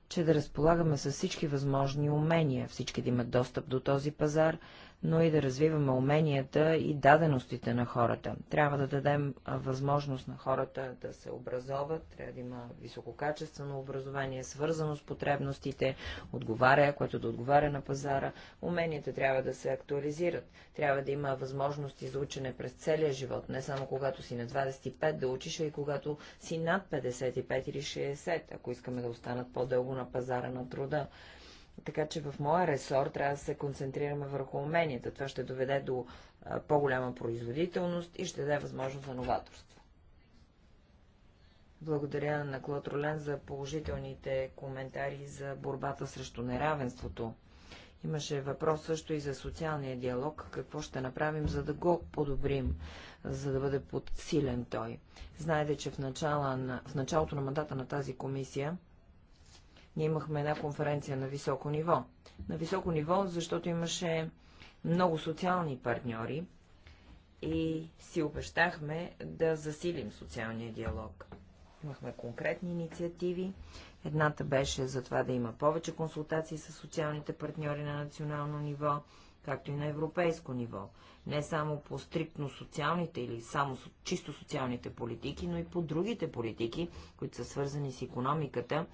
че да разполагаме с всички възможни умения, всички да имат достъп до този пазар, но и да развиваме уменията и даденостите на хората. Трябва да дадем възможност на хората да се образоват, трябва да има висококачествено образование, свързано с потребностите, отговаря, което да отговаря на пазара. Уменията трябва да се актуализират, трябва да има възможности за учене през целия живот, не само когато си на 25 да учиш, а и когато си над 55 или 60, ако искаме да останат по-дълго на пазара на труда. Така че в моя ресор трябва да се концентрираме върху уменията. Това ще доведе до по-голяма производителност и ще даде възможност за новаторство. Благодаря на Клод Ролен за положителните коментари за борбата срещу неравенството. Имаше въпрос също и за социалния диалог, какво ще направим, за да го подобрим, за да бъде подсилен той. Знаете, че в, начала на, в началото на мандата на тази комисия ние имахме една конференция на високо ниво. На високо ниво, защото имаше много социални партньори и си обещахме да засилим социалния диалог. Имахме конкретни инициативи. Едната беше за това да има повече консултации с социалните партньори на национално ниво, както и на европейско ниво. Не само по стриктно социалните или само чисто социалните политики, но и по другите политики, които са свързани с економиката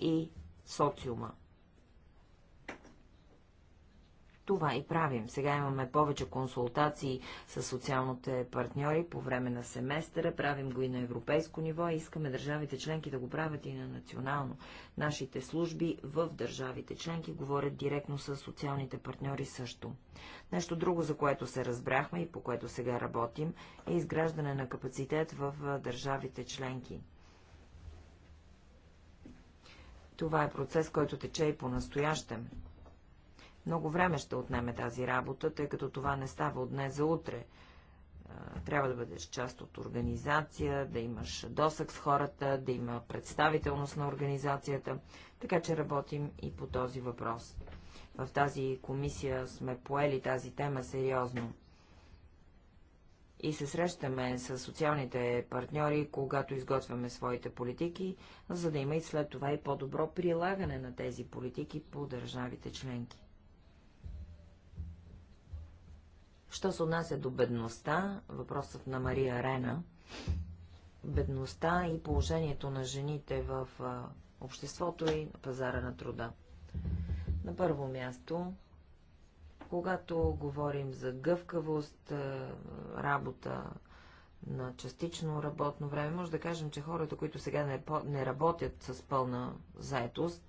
и социума. Това и правим. Сега имаме повече консултации с социалните партньори по време на семестъра, правим го и на европейско ниво и искаме държавите членки да го правят и на национално. Нашите служби в държавите членки говорят директно с социалните партньори също. Нещо друго, за което се разбрахме и по което сега работим, е изграждане на капацитет в държавите членки. Това е процес, който тече и по-настоящем. Много време ще отнеме тази работа, тъй като това не става от днес за утре. Трябва да бъдеш част от организация, да имаш досък с хората, да има представителност на организацията, така че работим и по този въпрос. В тази комисия сме поели тази тема сериозно и се срещаме с социалните партньори, когато изготвяме своите политики, за да има и след това и по-добро прилагане на тези политики по държавите членки. Що се отнася до бедността, въпросът на Мария Рена, бедността и положението на жените в обществото и на пазара на труда. На първо място когато говорим за гъвкавост, е, работа на частично работно време, може да кажем, че хората, които сега не, не работят с пълна заетост,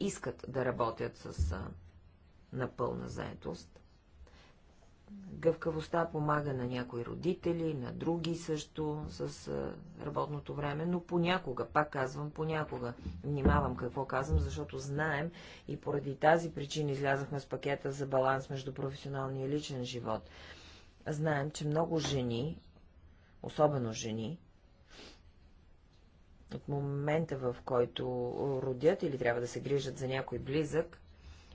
искат да работят с е, напълна заетост. Гъвкавостта помага на някои родители, на други също с работното време, но понякога, пак казвам понякога, внимавам какво казвам, защото знаем и поради тази причина излязахме с пакета за баланс между професионалния и личен живот. Знаем, че много жени, особено жени, от момента в който родят или трябва да се грижат за някой близък,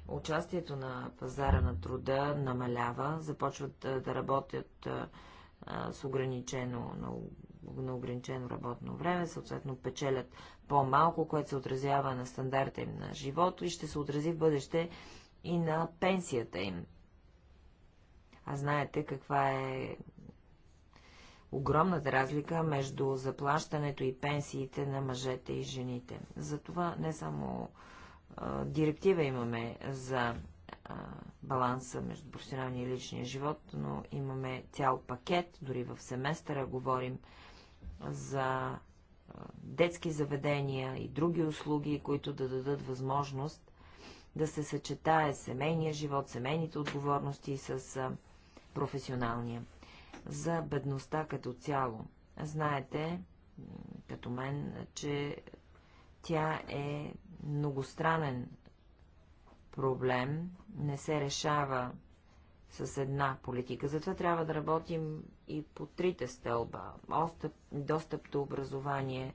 участието на пазара на труда намалява, започват да работят с ограничено, на ограничено работно време, съответно печелят по-малко, което се отразява на стандарта им на живото и ще се отрази в бъдеще и на пенсията им. А знаете каква е огромната разлика между заплащането и пенсиите на мъжете и жените. Затова не само директива имаме за баланса между професионалния и личния живот, но имаме цял пакет, дори в семестъра говорим за детски заведения и други услуги, които да дадат възможност да се съчетае семейния живот, семейните отговорности с професионалния. За бедността като цяло. Знаете, като мен, че тя е многостранен проблем, не се решава с една политика. Затова трябва да работим и по трите стълба. Остъп, достъп до образование,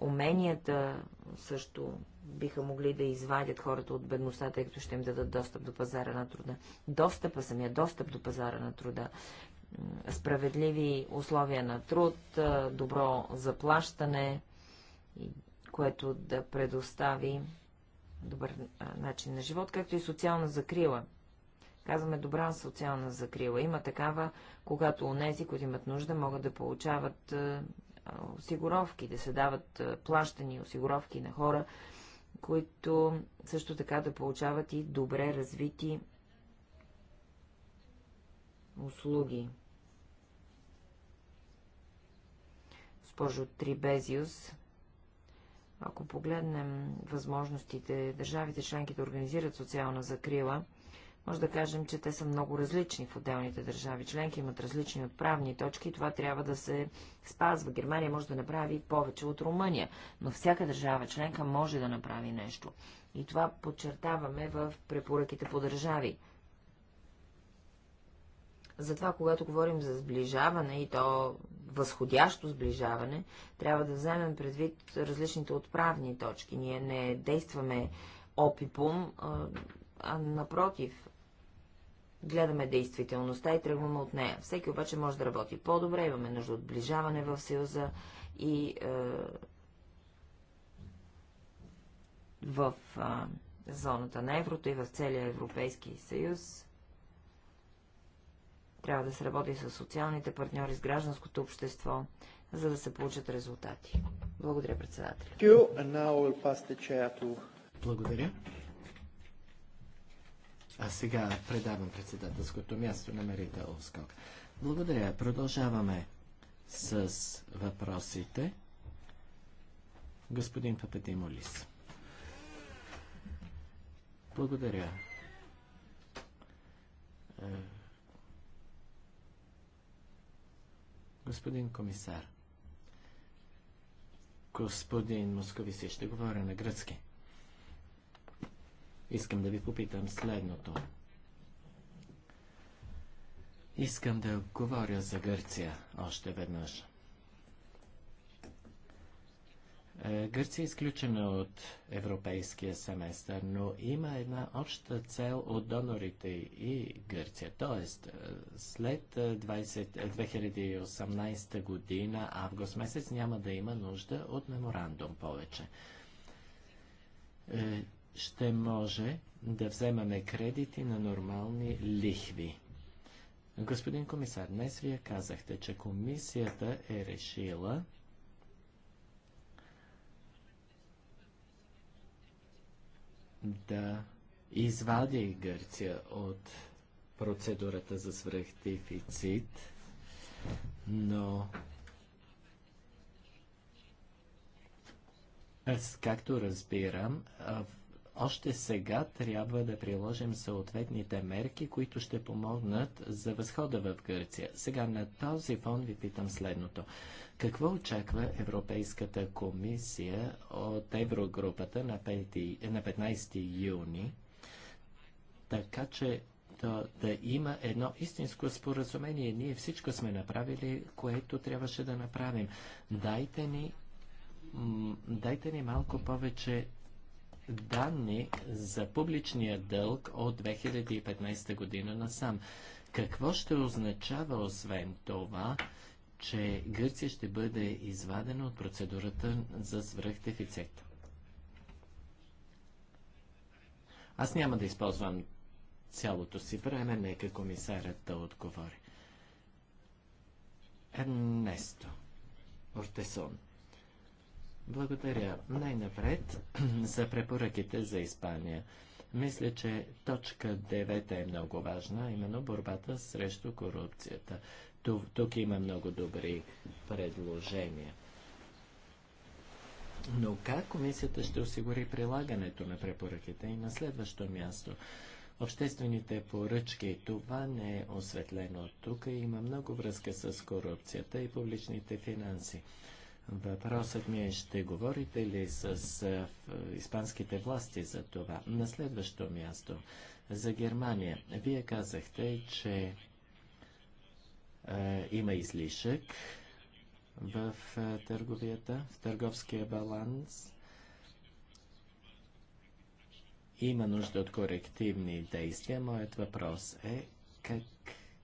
уменията също биха могли да извадят хората от бедността, тъй като ще им дадат достъп до пазара на труда. Достъпа самия, достъп до пазара на труда, справедливи условия на труд, добро заплащане и което да предостави добър начин на живот, както и социална закрила. Казваме добра социална закрила. Има такава, когато онези, които имат нужда, могат да получават осигуровки, да се дават плащани осигуровки на хора, които също така да получават и добре развити услуги. Госпожо Трибезиус, ако погледнем възможностите държавите членки да организират социална закрила, може да кажем, че те са много различни в отделните държави членки, имат различни отправни точки и това трябва да се спазва. Германия може да направи повече от Румъния, но всяка държава членка може да направи нещо. И това подчертаваме в препоръките по държави. Затова, когато говорим за сближаване и то възходящо сближаване, трябва да вземем предвид различните отправни точки. Ние не действаме опипум, а напротив, гледаме действителността и тръгваме от нея. Всеки обаче може да работи по-добре, имаме нужда от ближаване в Съюза и е, в е, зоната на еврото и в целия Европейски съюз. Трябва да се работи с социалните партньори, с гражданското общество, за да се получат резултати. Благодаря, председател. Благодаря. А сега предавам председателското място на Мерита Оскок. Благодаря. Продължаваме с въпросите. Господин Пападимолис. Благодаря. Е, Господин комисар, господин Московиси, ще говоря на гръцки. Искам да ви попитам следното. Искам да говоря за Гърция още веднъж. Е, Гърция е изключена от европейския семестър, но има една обща цел от донорите и Гърция. Тоест, е, след 20, е, 2018 година, август месец, няма да има нужда от меморандум повече. Ще може да вземаме кредити на нормални лихви. Господин комисар, днес вие казахте, че комисията е решила да извади Гърция от процедурата за свръхдефицит, но аз, както разбирам, още сега трябва да приложим съответните мерки, които ще помогнат за възхода в Гърция. Сега на този фон ви питам следното. Какво очаква Европейската комисия от Еврогрупата на, 5, на 15 юни, така че да, да има едно истинско споразумение. Ние всичко сме направили, което трябваше да направим. Дайте ни, дайте ни малко повече данни за публичния дълг от 2015 година насам. Какво ще означава освен това, че Гърция ще бъде извадена от процедурата за свръхдефицит? Аз няма да използвам цялото си време, нека комисарят да отговори. Ернесто Ортесон. Благодаря. Най-напред за препоръките за Испания. Мисля, че точка 9 е много важна, именно борбата срещу корупцията. Тук, тук има много добри предложения. Но как комисията ще осигури прилагането на препоръките и на следващо място? Обществените поръчки, това не е осветлено. Тук има много връзка с корупцията и публичните финанси. Въпросът ми е, ще говорите ли с испанските власти за това? На следващо място, за Германия. Вие казахте, че е, има излишък в търговията, в търговския баланс. Има нужда от корективни действия. Моят въпрос е как,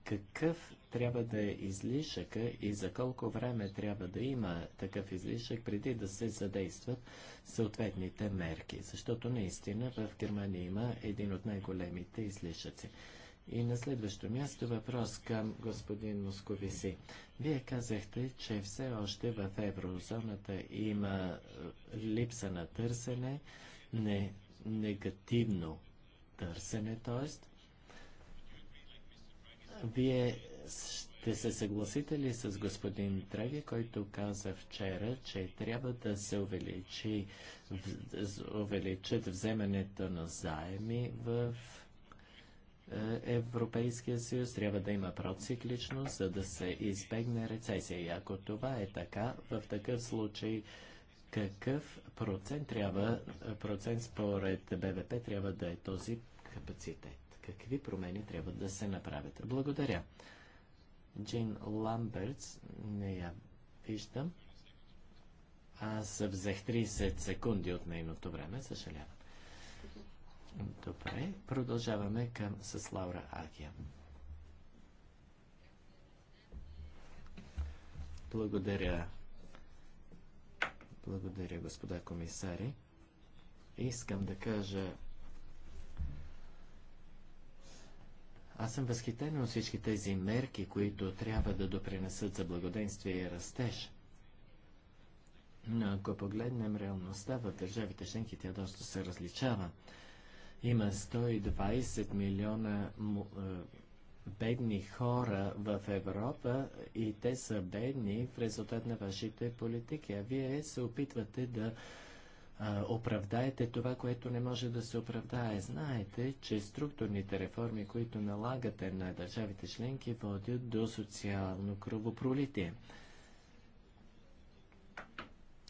какъв трябва да е излишъка и за колко време трябва да има такъв излишък преди да се задействат съответните мерки. Защото наистина в Германия има един от най-големите излишъци. И на следващо място въпрос към господин Московиси. Вие казахте, че все още в еврозоната има е, липса на търсене, не, негативно търсене, т.е. Вие ще се съгласите ли с господин Драги, който каза вчера, че трябва да се увеличи, увеличат вземането на заеми в е, Европейския съюз трябва да има процикличност, за да се избегне рецесия. И ако това е така, в такъв случай какъв процент трябва, процент според БВП трябва да е този капацитет? Какви промени трябва да се направят? Благодаря. Джин Ламбертс, не я виждам. Аз взех 30 секунди от нейното време, съжалявам. Добре, продължаваме към с Лаура Агия. Благодаря. Благодаря, господа комисари. Искам да кажа Аз съм възхитен от всички тези мерки, които трябва да допринесат за благоденствие и растеж. Но ако погледнем реалността в държавите членки, тя доста се различава. Има 120 милиона е, бедни хора в Европа и те са бедни в резултат на вашите политики. А вие се опитвате да оправдаете това, което не може да се оправдае. Знаете, че структурните реформи, които налагате на държавите членки, водят до социално кръвопролитие.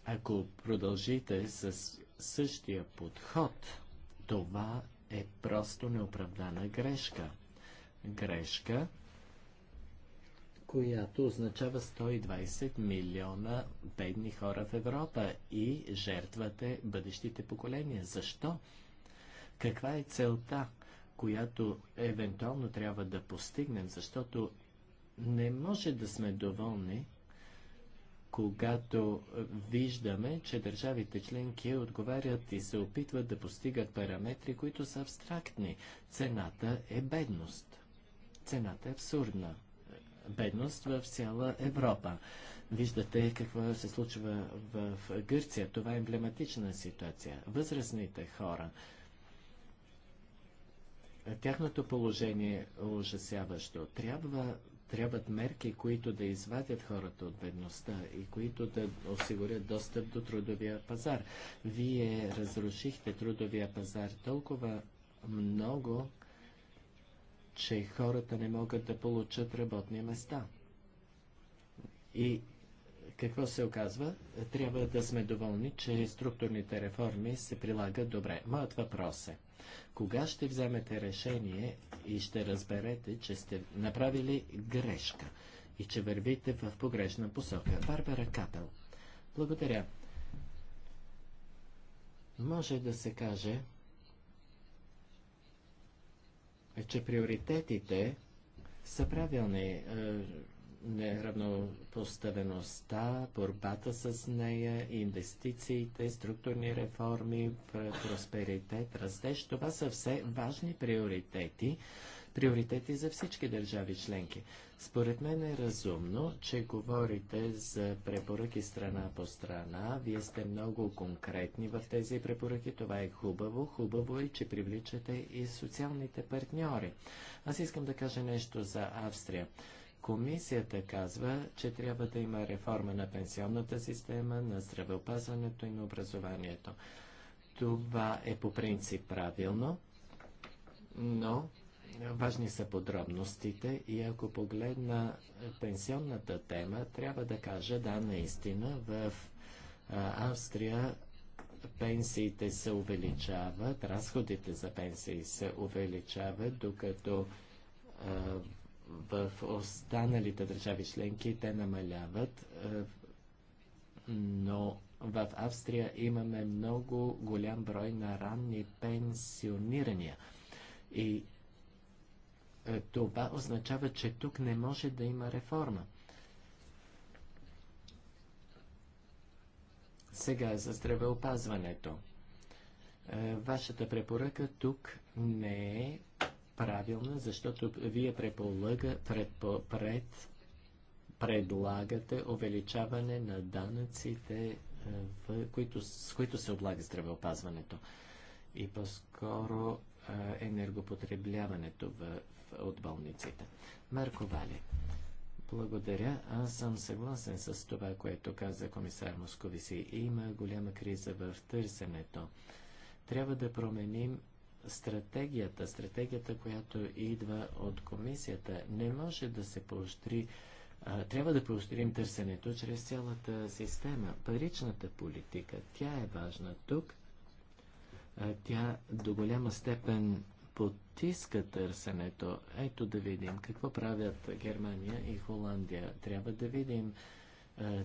Ако продължите с същия подход, това е просто неоправдана грешка. Грешка, която означава 120 милиона бедни хора в Европа и жертвате бъдещите поколения. Защо? Каква е целта, която евентуално трябва да постигнем? Защото не може да сме доволни, когато виждаме, че държавите членки отговарят и се опитват да постигат параметри, които са абстрактни. Цената е бедност. Цената е абсурдна бедност в цяла Европа. Виждате какво се случва в Гърция. Това е емблематична ситуация. Възрастните хора. Тяхното положение е ужасяващо. Трябва, трябват мерки, които да извадят хората от бедността и които да осигурят достъп до трудовия пазар. Вие разрушихте трудовия пазар толкова много, че хората не могат да получат работни места. И какво се оказва? Трябва да сме доволни, че структурните реформи се прилагат добре. Моят въпрос е, кога ще вземете решение и ще разберете, че сте направили грешка и че вървите в погрешна посока? Барбара Капел. Благодаря. Може да се каже, е, че приоритетите са правилни. Е, неравнопоставеността, борбата с нея, инвестициите, структурни реформи, просперитет, растеж, това са все важни приоритети, приоритети за всички държави членки. Според мен е разумно, че говорите за препоръки страна по страна. Вие сте много конкретни в тези препоръки. Това е хубаво. Хубаво е, че привличате и социалните партньори. Аз искам да кажа нещо за Австрия. Комисията казва, че трябва да има реформа на пенсионната система, на здравеопазването и на образованието. Това е по принцип правилно, но Важни са подробностите и ако погледна пенсионната тема, трябва да кажа, да, наистина в Австрия пенсиите се увеличават, разходите за пенсии се увеличават, докато в останалите държави членки те намаляват, но в Австрия имаме много голям брой на ранни пенсионирания. И е, това означава, че тук не може да има реформа. Сега за здравеопазването. Е, вашата препоръка тук не е правилна, защото вие предполага, предпо, пред, предлагате увеличаване на данъците, е, в, които, с които се облага здравеопазването и по-скоро енергопотребляването в от болниците. Марко Вали. Благодаря. Аз съм съгласен с това, което каза комисар Московиси. Има голяма криза в търсенето. Трябва да променим стратегията, стратегията, която идва от комисията. Не може да се поощри трябва да поощрим търсенето чрез цялата система. Паричната политика, тя е важна тук. Тя до голяма степен потиска търсенето. Ето да видим какво правят Германия и Холандия. Трябва да видим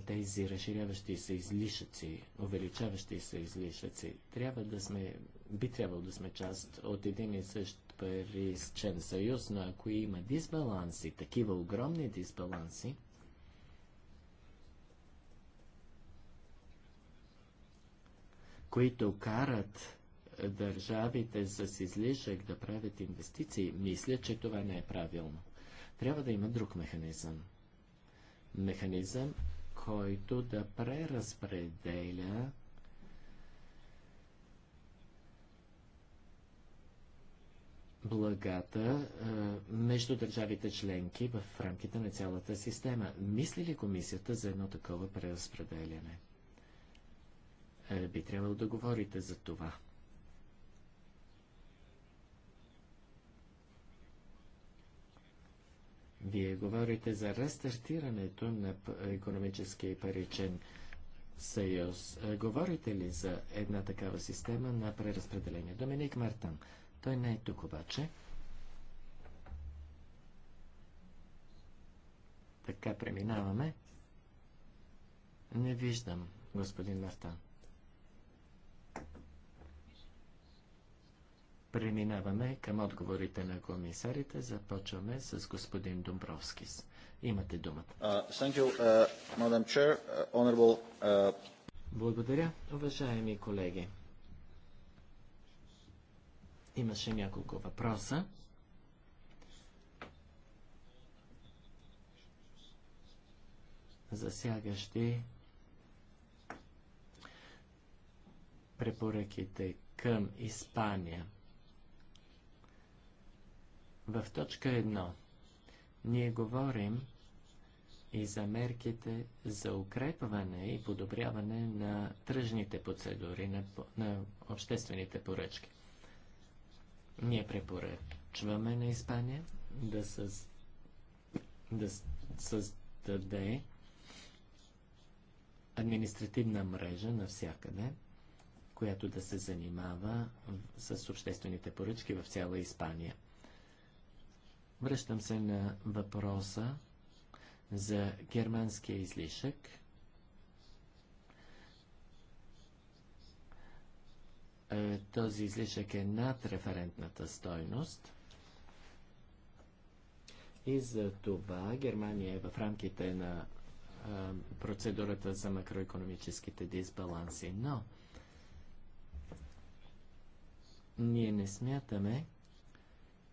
тези разширяващи се излишъци, увеличаващи се излишъци. Трябва да сме, би трябвало да сме част от един и същ паричен съюз, но ако има дисбаланси, такива огромни дисбаланси, които карат държавите с излишък да правят инвестиции, мисля, че това не е правилно. Трябва да има друг механизъм. Механизъм, който да преразпределя благата е, между държавите членки в рамките на цялата система. Мисли ли комисията за едно такова преразпределяне? Е, би трябвало да говорите за това. Вие говорите за рестартирането на економическия и паричен съюз. Е, говорите ли за една такава система на преразпределение? Доминик Мартан. Той не е тук обаче. Така преминаваме. Не виждам, господин Мартан. Преминаваме към отговорите на комисарите. Започваме с господин Домбровскис. Имате думата. Uh, you, uh, Chair, uh, honorable, uh... Благодаря, уважаеми колеги. Имаше няколко въпроса. засягащи препоръките към Испания – в точка 1 ние говорим и за мерките за укрепване и подобряване на тръжните процедури на, на обществените поръчки. Ние препоръчваме на Испания да, съз, да създаде административна мрежа навсякъде, която да се занимава с обществените поръчки в цяла Испания – Връщам се на въпроса за германския излишък. Е, този излишък е над референтната стойност. И за това Германия е в рамките на е, процедурата за макроекономическите дисбаланси. Но ние не смятаме,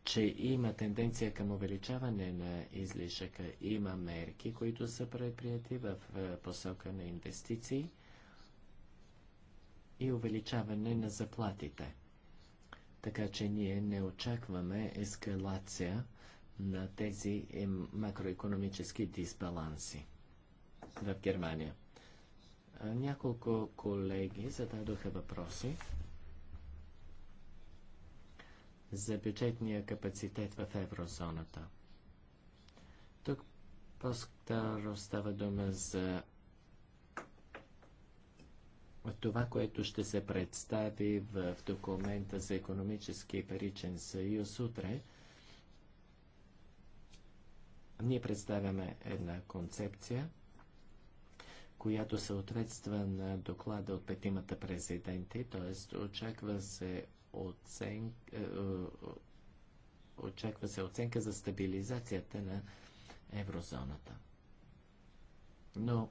че има тенденция към увеличаване на излишъка. Има мерки, които са предприяти в е, посока на инвестиции и увеличаване на заплатите. Така че ние не очакваме ескалация на тези е, макроекономически дисбаланси в Германия. Няколко колеги зададоха въпроси за бюджетния капацитет в еврозоната. Тук по-скоро става дума за това, което ще се представи в документа за економически и паричен съюз утре. Ние представяме една концепция, която съответства на доклада от петимата президенти, т.е. очаква се оценка, е, е, очаква се оценка за стабилизацията на еврозоната. Но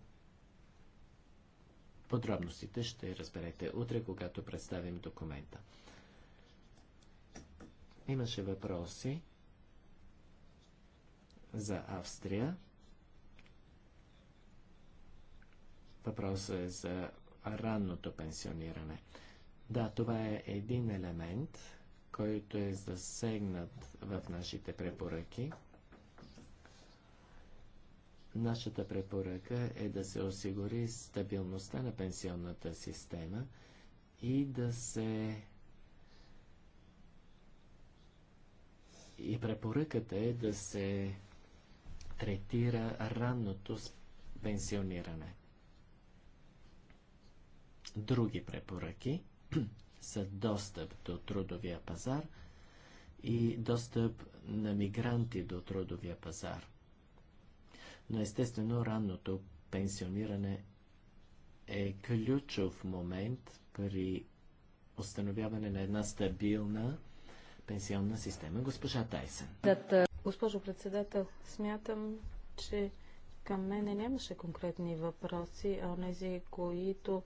подробностите ще разберете утре, когато представим документа. Имаше въпроси за Австрия. Въпросът е за ранното пенсиониране. Да, това е един елемент, който е засегнат в нашите препоръки. Нашата препоръка е да се осигури стабилността на пенсионната система и да се И препоръката е да се третира ранното пенсиониране. Други препоръки са достъп до трудовия пазар и достъп на мигранти до трудовия пазар. Но естествено, ранното пенсиониране е ключов момент при установяване на една стабилна пенсионна система. Госпожа Тайсен. Госпожо председател, смятам, че към мене нямаше конкретни въпроси, а онези, които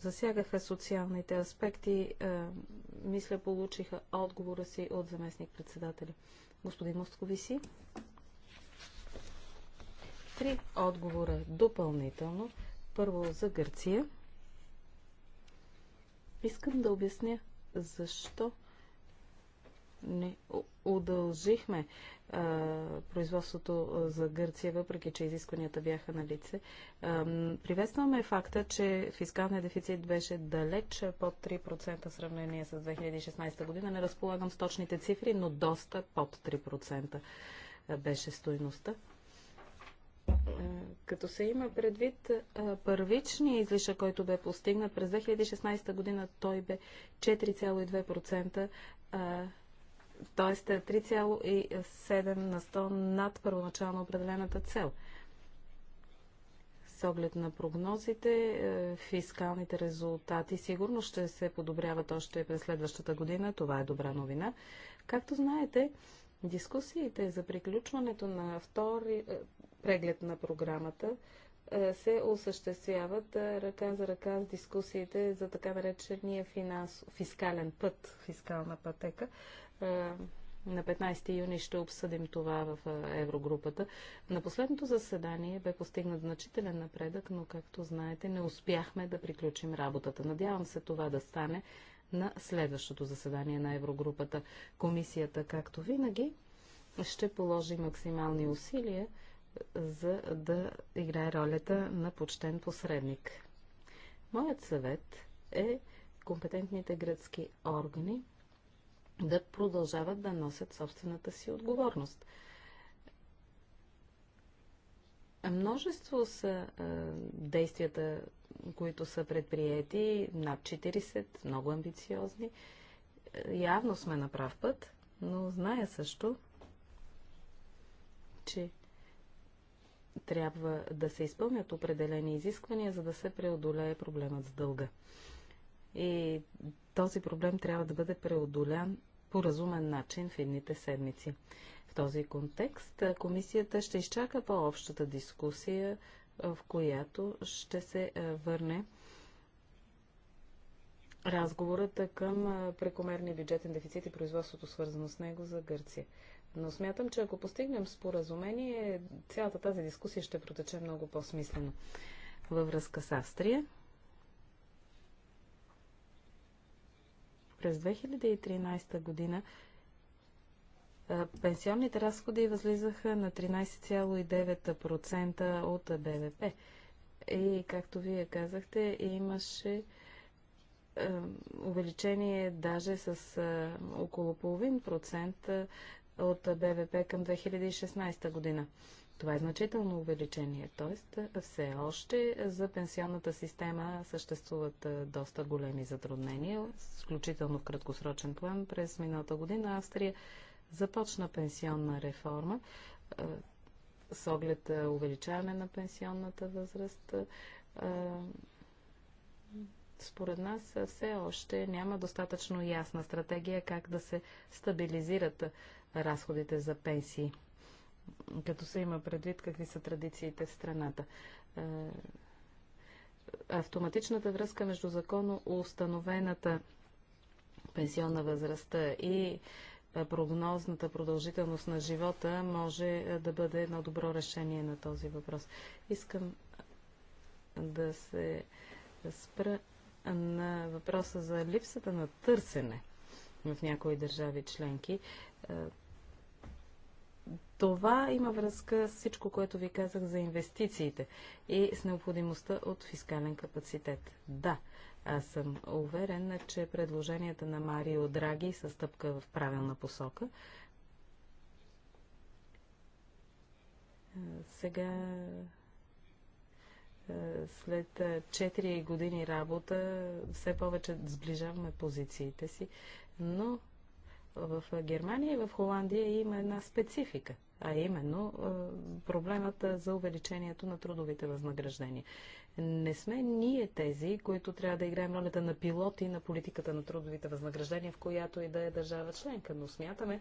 засягаха социалните аспекти, е, мисля, получиха отговора си от заместник-председателя. Господин Московиси? Три отговора допълнително. Първо за Гърция. Искам да обясня защо не удължихме а, производството за Гърция, въпреки че изискванията бяха на лице. приветстваме факта, че фискалният дефицит беше далеч под 3% в сравнение с 2016 година. Не разполагам с точните цифри, но доста под 3% беше стойността като се има предвид първичния излишък, който бе постигнат през 2016 година, той бе 4,2%, т.е. 3,7 на 100 над първоначално определената цел. С оглед на прогнозите, е, фискалните резултати сигурно ще се подобряват още през следващата година. Това е добра новина. Както знаете, дискусиите за приключването на втори е, преглед на програмата е, се осъществяват ръка за ръка с дискусиите за така наречения финанс... фискален път, фискална пътека. Е, на 15 юни ще обсъдим това в е, Еврогрупата. На последното заседание бе постигнат значителен напредък, но както знаете не успяхме да приключим работата. Надявам се това да стане на следващото заседание на Еврогрупата. Комисията, както винаги, ще положи максимални усилия е, за да играе ролята на почтен посредник. Моят съвет е компетентните гръцки органи да продължават да носят собствената си отговорност. Множество са а, действията, които са предприяти, над 40, много амбициозни. Е, явно сме на прав път, но зная също, че трябва да се изпълнят определени изисквания, за да се преодолее проблемът с дълга. И този проблем трябва да бъде преодолян по разумен начин в едните седмици. В този контекст комисията ще изчака по-общата дискусия, в която ще се върне разговорът към прекомерния бюджетен дефицит и производството свързано с него за Гърция. Но смятам, че ако постигнем споразумение, цялата тази дискусия ще протече много по-смислено. Във връзка с Австрия, през 2013 година пенсионните разходи възлизаха на 13,9% от БВП. И, както вие казахте, имаше увеличение даже с около половин процент от БВП към 2016 година. Това е значително увеличение, т.е. все още за пенсионната система съществуват доста големи затруднения, включително в краткосрочен план. През миналата година Австрия започна пенсионна реформа с оглед увеличаване на пенсионната възраст. Според нас все още няма достатъчно ясна стратегия как да се стабилизират разходите за пенсии като се има предвид какви са традициите в страната. Е, автоматичната връзка между законно установената пенсионна възрастта и е, прогнозната продължителност на живота може е, да бъде едно добро решение на този въпрос. Искам да се спра на въпроса за липсата на търсене в някои държави членки. Това има връзка с всичко, което ви казах за инвестициите и с необходимостта от фискален капацитет. Да, аз съм уверен, че предложенията на Марио Драги са стъпка в правилна посока. Сега, след 4 години работа, все повече сближаваме позициите си, но в Германия и в Холандия има една специфика, а именно е, проблемът за увеличението на трудовите възнаграждения. Не сме ние тези, които трябва да играем ролята на пилоти на политиката на трудовите възнаграждения, в която и да е държава членка, но смятаме,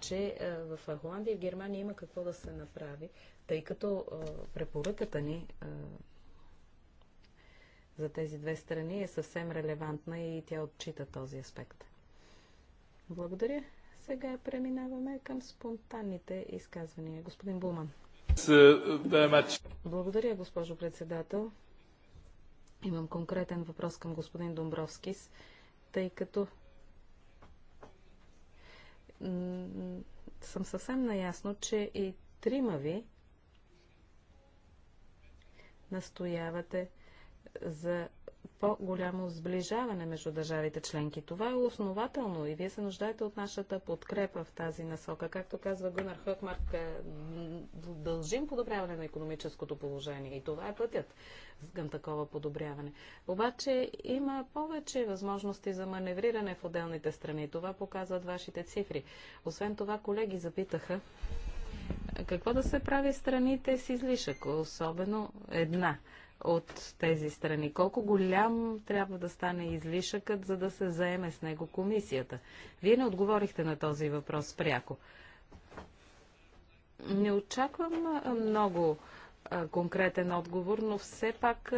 че е, в Холандия и в Германия има какво да се направи, тъй като е, препоръката ни за тези две страни е съвсем релевантна и тя отчита този аспект. Благодаря. Сега преминаваме към спонтанните изказвания. Господин Булман. Благодаря, госпожо председател. Имам конкретен въпрос към господин Домбровскис, тъй като съм съвсем наясно, че и трима ви настоявате за по-голямо сближаване между държавите членки. Това е основателно и вие се нуждаете от нашата подкрепа в тази насока. Както казва Гунар Хъкмарк, е, дължим подобряване на економическото положение и това е пътят към такова подобряване. Обаче има повече възможности за маневриране в отделните страни. Това показват вашите цифри. Освен това, колеги запитаха какво да се прави страните с излишък, особено една – от тези страни. Колко голям трябва да стане излишъкът, за да се заеме с него комисията? Вие не отговорихте на този въпрос пряко. Не очаквам много конкретен отговор, но все пак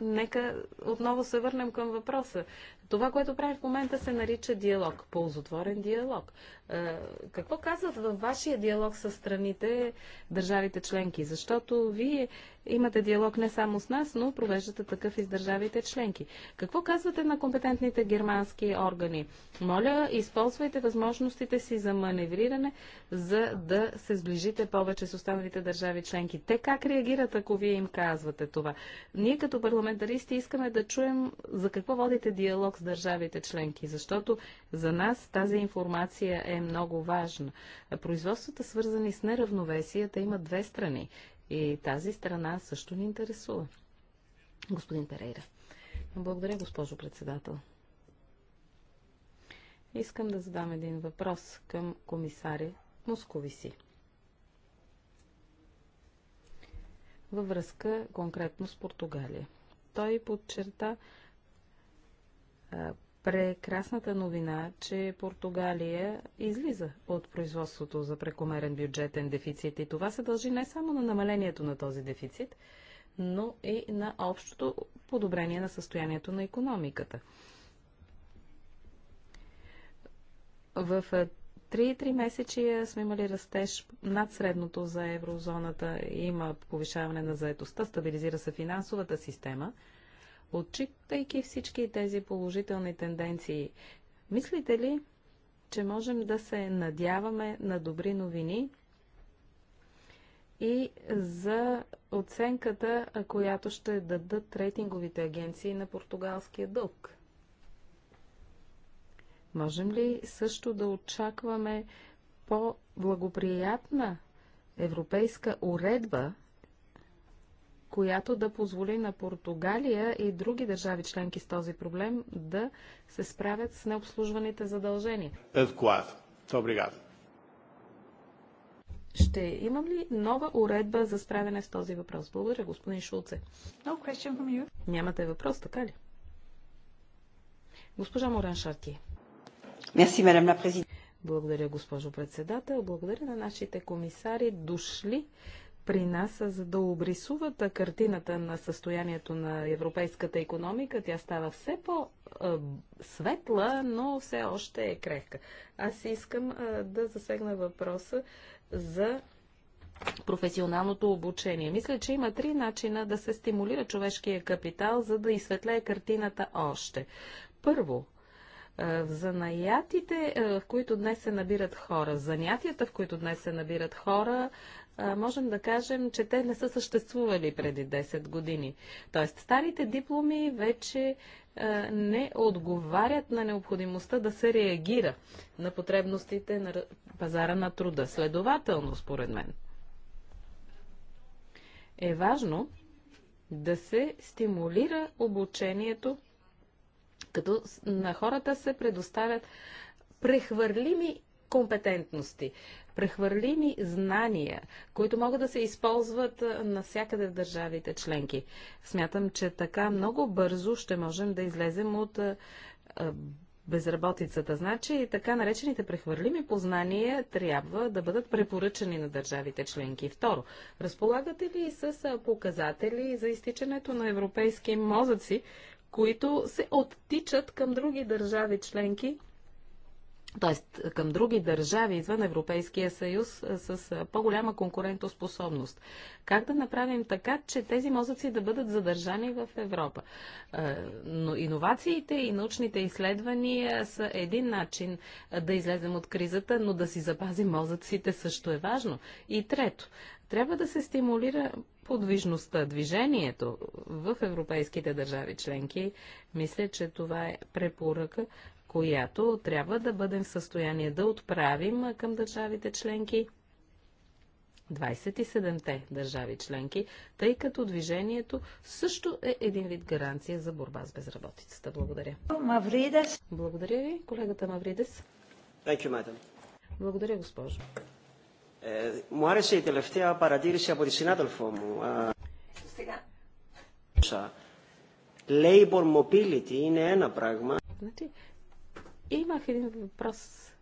нека отново се върнем към въпроса. Това, което правим в момента, се нарича диалог, ползотворен диалог. Е, какво казват във вашия диалог с страните, държавите членки? Защото вие имате диалог не само с нас, но провеждате такъв и с държавите членки. Какво казвате на компетентните германски органи? Моля, използвайте възможностите си за маневриране, за да се сближите повече с останалите държави членки. Те как реагират, ако вие им казвате това? Ние като парламентаристи искаме да чуем за какво водите диалог диалог с държавите членки, защото за нас тази информация е много важна. Производствата, свързани с неравновесията, имат две страни и тази страна също ни интересува. Господин Перейра. Благодаря, госпожо председател. Искам да задам един въпрос към комисаря Московиси. Във връзка конкретно с Португалия. Той подчерта, прекрасната новина, че Португалия излиза от производството за прекомерен бюджетен дефицит. И това се дължи не само на намалението на този дефицит, но и на общото подобрение на състоянието на економиката. В 3-3 месечия сме имали растеж над средното за еврозоната, има повишаване на заетостта, стабилизира се финансовата система – Отчитайки всички тези положителни тенденции, мислите ли, че можем да се надяваме на добри новини и за оценката, която ще дадат рейтинговите агенции на португалския дълг? Можем ли също да очакваме по-благоприятна европейска уредба която да позволи на Португалия и други държави членки с този проблем да се справят с необслужваните задължения. Е Ще имам ли нова уредба за справяне с този въпрос? Благодаря, господин Шулце. No Нямате въпрос, така ли? Госпожа Моран Шарти. Merci, madame la Благодаря, госпожо председател. Благодаря на нашите комисари, дошли при нас, за да обрисуват картината на състоянието на европейската економика. Тя става все по-светла, но все още е крехка. Аз искам да засегна въпроса за професионалното обучение. Мисля, че има три начина да се стимулира човешкия капитал, за да изсветлее картината още. Първо, в занаятите, в които днес се набират хора, занятията, в които днес се набират хора, можем да кажем, че те не са съществували преди 10 години. Тоест, старите дипломи вече не отговарят на необходимостта да се реагира на потребностите на пазара на труда. Следователно, според мен, е важно да се стимулира обучението, като на хората се предоставят прехвърлими компетентности прехвърлими знания, които могат да се използват навсякъде в държавите членки. Смятам, че така много бързо ще можем да излезем от безработицата. Значи и така наречените прехвърлими познания трябва да бъдат препоръчани на държавите членки. Второ, разполагате ли с показатели за изтичането на европейски мозъци, които се оттичат към други държави членки т.е. към други държави извън Европейския съюз с по-голяма конкурентоспособност. Как да направим така, че тези мозъци да бъдат задържани в Европа? Но иновациите и научните изследвания са един начин да излезем от кризата, но да си запазим мозъците също е важно. И трето, трябва да се стимулира подвижността, движението в европейските държави членки. Мисля, че това е препоръка, която трябва да бъдем в състояние да отправим към държавите членки 27-те държави членки, тъй като движението също е един вид гаранция за борба с безработицата. Благодаря. Мавридес. Благодаря ви, колегата Мавридес. Thank you, madam. Благодаря, госпожо. Μου е, се и τελευταία παρατήρηση από τη συνάδελφό μου. Сега. Labor mobility είναι ένα πράγμα. Имах един въпрос,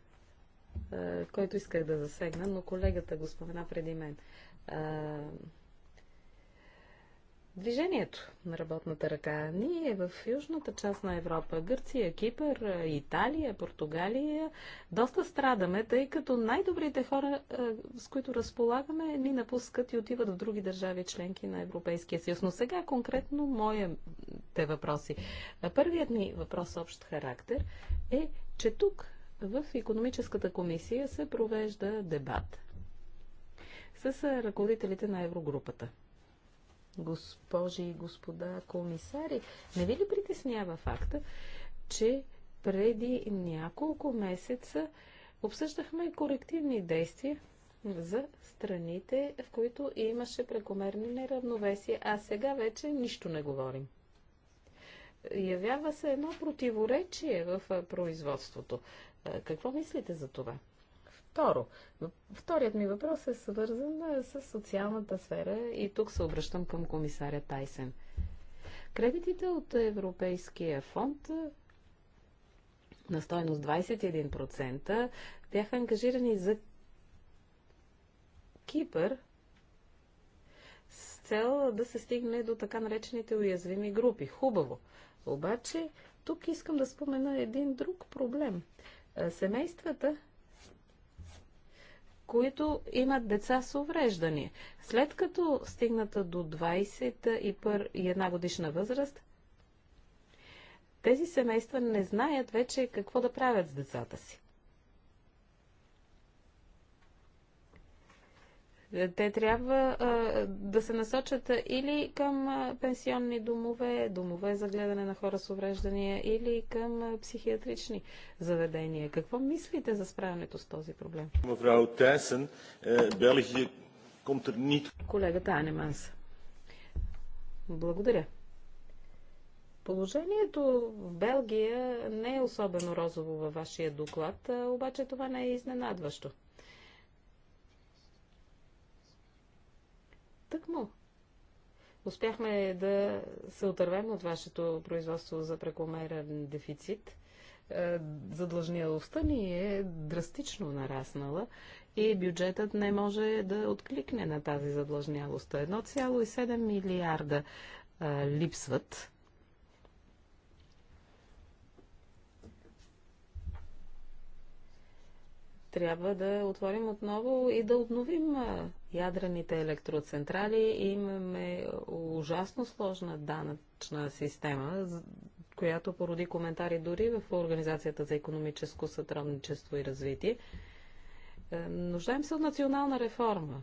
който исках да засегна, но колегата го спомена преди мен движението на работната ръка. Ние в южната част на Европа, Гърция, Кипър, Италия, Португалия, доста страдаме, тъй като най-добрите хора, е, с които разполагаме, ни напускат и отиват в други държави, членки на Европейския съюз. Но сега конкретно моите въпроси. Първият ми въпрос общ характер е, че тук в економическата комисия се провежда дебат с ръководителите на Еврогрупата – госпожи и господа комисари, не ви ли притеснява факта, че преди няколко месеца обсъждахме корективни действия за страните, в които имаше прекомерни неравновесия, а сега вече нищо не говорим. Явява се едно противоречие в производството. Какво мислите за това? Второ, вторият ми въпрос е свързан е, с социалната сфера и тук се обръщам към комисаря Тайсен. Кредитите от Европейския фонд е, на стоеност 21% бяха ангажирани за Кипър с цел да се стигне до така наречените уязвими групи. Хубаво. Обаче тук искам да спомена един друг проблем. Е, семействата които имат деца с увреждания. След като стигната до 21 годишна възраст, тези семейства не знаят вече какво да правят с децата си. Те трябва а, да се насочат или към пенсионни домове, домове за гледане на хора с увреждания, или към психиатрични заведения. Какво мислите за справянето с този проблем? Мевrouw Тесен, е, Белгия komt er Колегата Анеманс. Благодаря. Положението в Белгия не е особено розово във вашия доклад, обаче това не е изненадващо. Тъкмо. Успяхме да се отървем от вашето производство за прекомерен дефицит. Е, задлъжнялостта ни е драстично нараснала и бюджетът не може да откликне на тази задлъжнялост. 1,7 милиарда а, е, липсват. Трябва да отворим отново и да обновим е, ядрените електроцентрали имаме ужасно сложна данъчна система, която породи коментари дори в Организацията за економическо сътрудничество и развитие. Е, нуждаем се от национална реформа.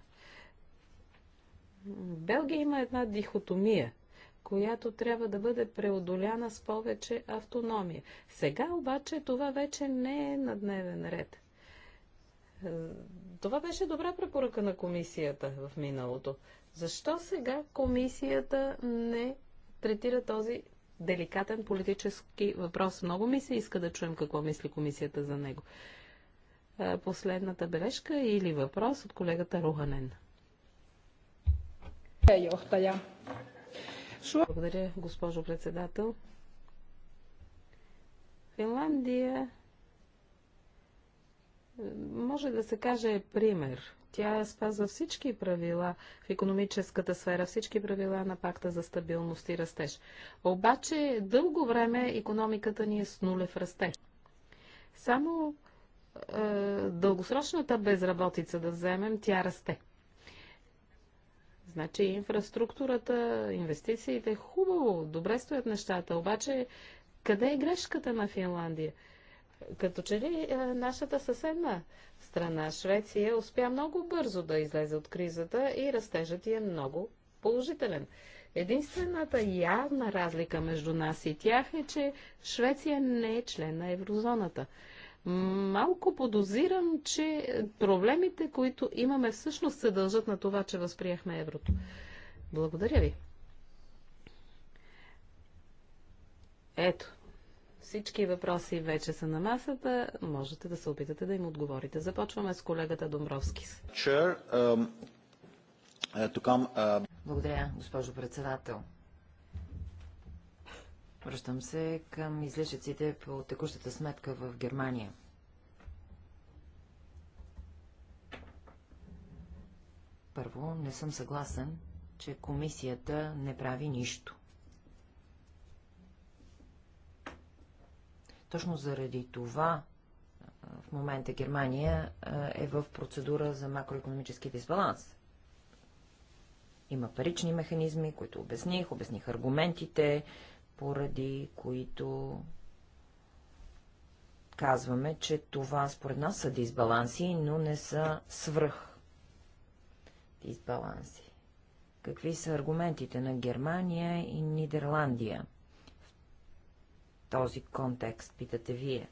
В Белгия има една дихотомия, която трябва да бъде преодоляна с повече автономия. Сега обаче това вече не е на дневен ред. Е, това беше добра препоръка на комисията в миналото. Защо сега комисията не третира този деликатен политически въпрос? Много ми се иска да чуем какво мисли комисията за него. Е, последната бележка или въпрос от колегата Руханен. Е, Благодаря, госпожо председател. Финландия може да се каже пример. Тя спазва всички правила в економическата сфера, всички правила на пакта за стабилност и растеж. Обаче дълго време економиката ни е с нулев растеж. Само е, дългосрочната безработица да вземем, тя расте. Значи инфраструктурата, инвестициите, хубаво, добре стоят нещата, обаче къде е грешката на Финландия? Като че ли е, нашата съседна страна, Швеция, успя много бързо да излезе от кризата и растежът е много положителен. Единствената явна разлика между нас и тях е, че Швеция не е член на еврозоната. Малко подозирам, че проблемите, които имаме всъщност се дължат на това, че възприехме еврото. Благодаря ви. Ето, всички въпроси вече са на масата. Можете да се опитате да им отговорите. Започваме с колегата Домбровски. Е, Благодаря, госпожо председател. Връщам се към излишъците по текущата сметка в Германия. Първо, не съм съгласен, че комисията не прави нищо. Точно заради това в момента Германия е в процедура за макроекономически дисбаланс. Има парични механизми, които обясних, обясних аргументите, поради които казваме, че това според нас са дисбаланси, но не са свръх дисбаланси. Какви са аргументите на Германия и Нидерландия? този контекст, питате вие.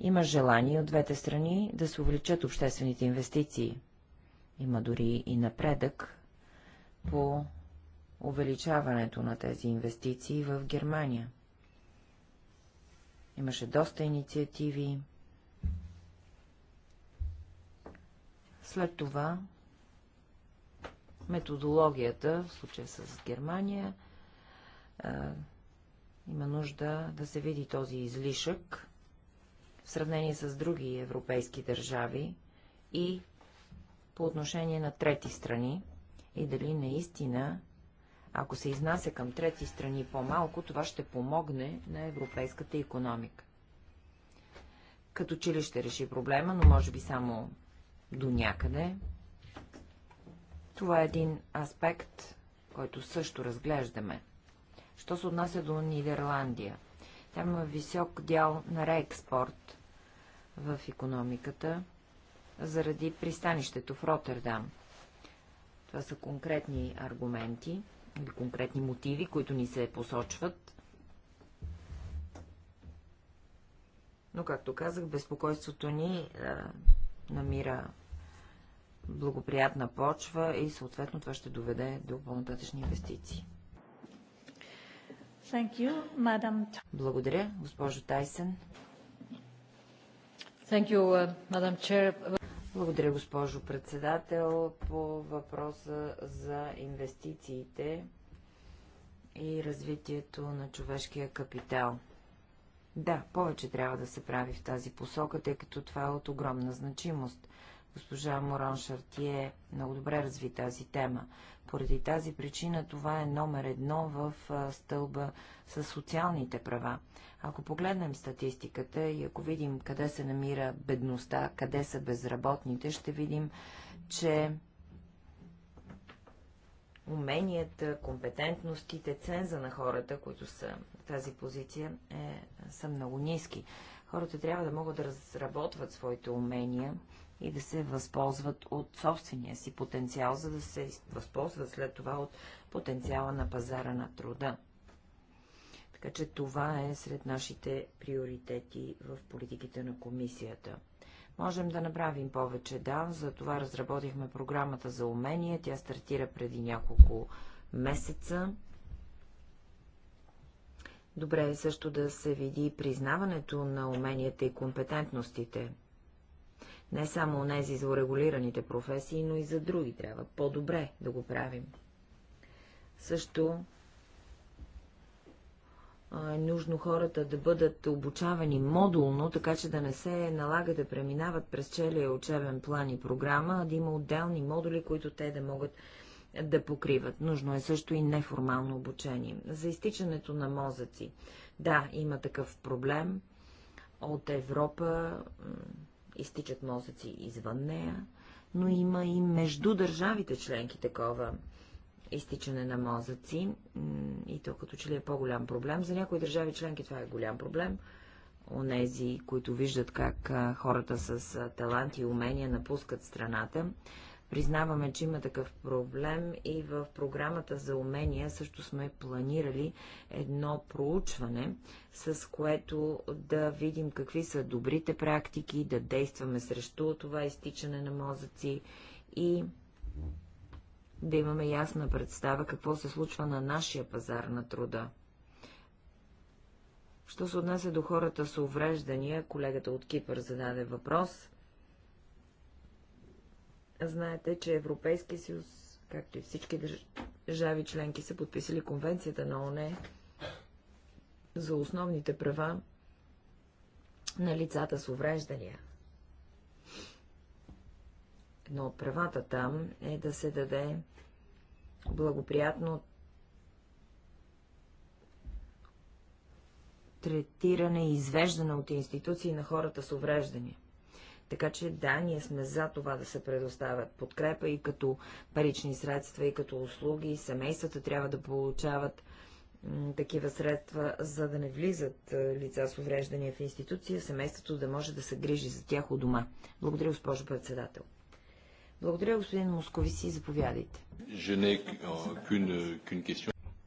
Има желание от двете страни да се увеличат обществените инвестиции. Има дори и напредък по увеличаването на тези инвестиции в Германия. Имаше доста инициативи. След това методологията, в случая с Германия, има нужда да се види този излишък в сравнение с други европейски държави и по отношение на трети страни и дали наистина, ако се изнася към трети страни по-малко, това ще помогне на европейската економика. Като че ли ще реши проблема, но може би само до някъде. Това е един аспект, който също разглеждаме. Що се отнася до Нидерландия? Там има висок дял на реекспорт в економиката заради пристанището в Роттердам. Това са конкретни аргументи или конкретни мотиви, които ни се посочват. Но, както казах, безпокойството ни е, намира благоприятна почва и съответно това ще доведе до по-нататъчни инвестиции. Thank you, madam. Благодаря, госпожо Тайсен. Thank you, uh, madam chair. Благодаря, госпожо председател, по въпроса за инвестициите и развитието на човешкия капитал. Да, повече трябва да се прави в тази посока, тъй като това е от огромна значимост. Госпожа Моран Шартие много добре разви тази тема. Поради тази причина това е номер едно в стълба с социалните права. Ако погледнем статистиката и ако видим къде се намира бедността, къде са безработните, ще видим, че уменията, компетентностите, ценза на хората, които са в тази позиция, е, са много ниски. Хората трябва да могат да разработват своите умения, и да се възползват от собствения си потенциал, за да се възползват след това от потенциала на пазара на труда. Така че това е сред нашите приоритети в политиките на комисията. Можем да направим повече, да, за това разработихме програмата за умения, тя стартира преди няколко месеца. Добре е също да се види признаването на уменията и компетентностите. Не само у нези за урегулираните професии, но и за други трябва по-добре да го правим. Също е нужно хората да бъдат обучавани модулно, така че да не се налага да преминават през целия учебен план и програма, а да има отделни модули, които те да могат да покриват. Нужно е също и неформално обучение. За изтичането на мозъци. Да, има такъв проблем. От Европа изтичат мозъци извън нея, но има и между държавите членки такова изтичане на мозъци. И то като че ли е по-голям проблем. За някои държави членки това е голям проблем. Онези, които виждат как хората с талант и умения напускат страната, Признаваме, че има такъв проблем и в програмата за умения също сме планирали едно проучване, с което да видим какви са добрите практики, да действаме срещу това изтичане на мозъци и да имаме ясна представа какво се случва на нашия пазар на труда. Що се отнася до хората с увреждания, колегата от Кипър зададе въпрос. Знаете, че Европейския съюз, както и всички държави членки, са подписали конвенцията на ОНЕ за основните права на лицата с увреждания. Едно от правата там е да се даде благоприятно третиране и извеждане от институции на хората с увреждания. Така че да, ние сме за това да се предоставят подкрепа и като парични средства, и като услуги, и семействата трябва да получават такива средства, за да не влизат е, лица с увреждания в институция, семейството да може да се грижи за тях у дома. Благодаря, госпожо председател. Благодаря, господин Московиси. Заповядайте.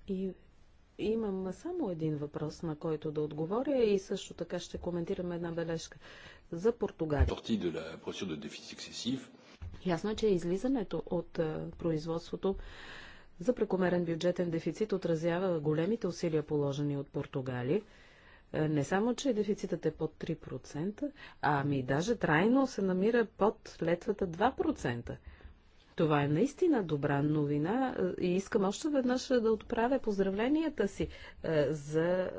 И имам само един въпрос, на който да отговоря и също така ще коментирам една бележка за Португалия. Ясно е, че излизането от е, производството за прекомерен бюджетен дефицит отразява големите усилия положени от Португалия. Е, не само, че дефицитът е под 3%, ами даже трайно се намира под летвата 2%. Това е наистина добра новина е, и искам още веднъж да отправя поздравленията си за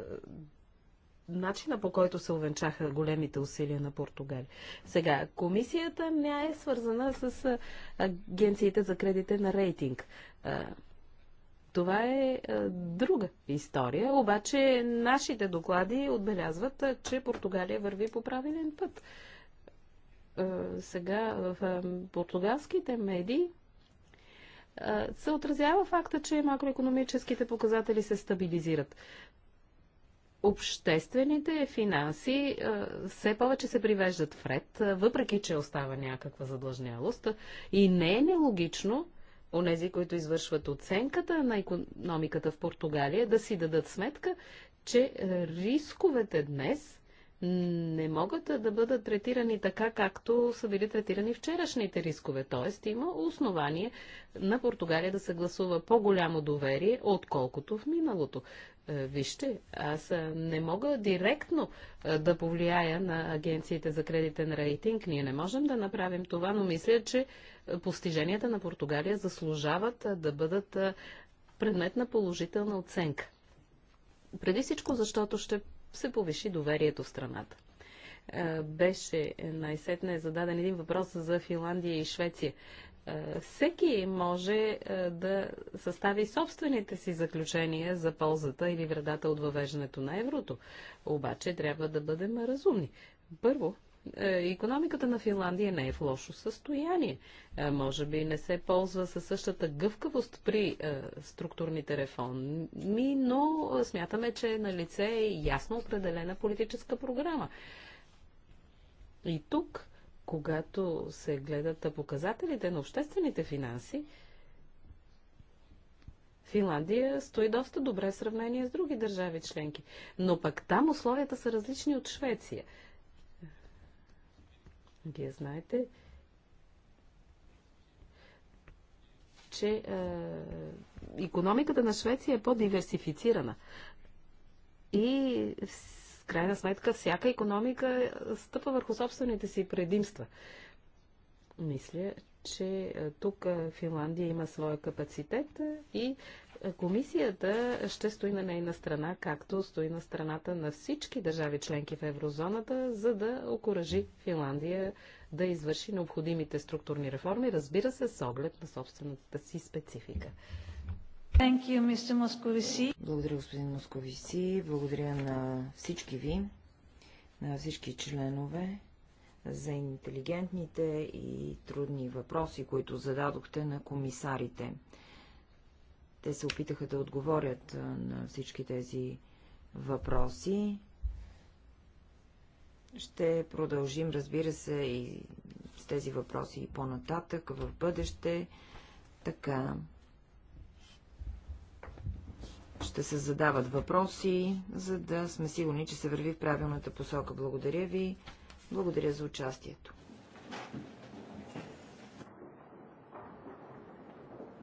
начина по който се увенчаха големите усилия на Португалия. Сега, комисията не е свързана с агенциите за кредите на рейтинг. Това е друга история, обаче нашите доклади отбелязват, че Португалия върви по правилен път. Сега в португалските медии се отразява факта, че макроекономическите показатели се стабилизират обществените финанси е, все повече се привеждат в ред, е, въпреки че остава някаква задлъжнялост. И не е нелогично онези, които извършват оценката на економиката в Португалия, да си дадат сметка, че е, рисковете днес не могат да бъдат третирани така, както са били третирани вчерашните рискове. Тоест има основание на Португалия да се гласува по-голямо доверие, отколкото в миналото. Е, вижте, аз е, не мога директно е, да повлияя на агенциите за кредитен рейтинг. Ние не можем да направим това, но мисля, че постиженията на Португалия заслужават да бъдат предмет на положителна оценка. Преди всичко, защото ще се повиши доверието в страната. Беше най-сетне зададен един въпрос за Финландия и Швеция. Е, всеки може е, да състави собствените си заключения за ползата или вредата от въвеждането на еврото. Обаче трябва да бъдем разумни. Първо, економиката на Финландия не е в лошо състояние. Е, може би не се ползва със същата гъвкавост при структурните реформи, но смятаме, че на лице е ясно определена политическа програма. И тук когато се гледат показателите на обществените финанси, Финландия стои доста добре в сравнение с други държави членки. Но пък там условията са различни от Швеция. Вие знаете, че е, економиката на Швеция е по-диверсифицирана. И крайна сметка всяка економика е, стъпа върху собствените си предимства. Мисля, че е, тук е, Финландия има своя капацитет и комисията ще стои на нейна страна, както стои на страната на всички държави членки в еврозоната, за да окоръжи Финландия да извърши необходимите структурни реформи, разбира се, с оглед на собствената си специфика. You, Благодаря, господин Московиси. Благодаря на всички ви, на всички членове за интелигентните и трудни въпроси, които зададохте на комисарите. Те се опитаха да отговорят на всички тези въпроси. Ще продължим, разбира се, и с тези въпроси и по-нататък, в бъдеще. Така, ще се задават въпроси, за да сме сигурни, че се върви в правилната посока. Благодаря ви. Благодаря за участието.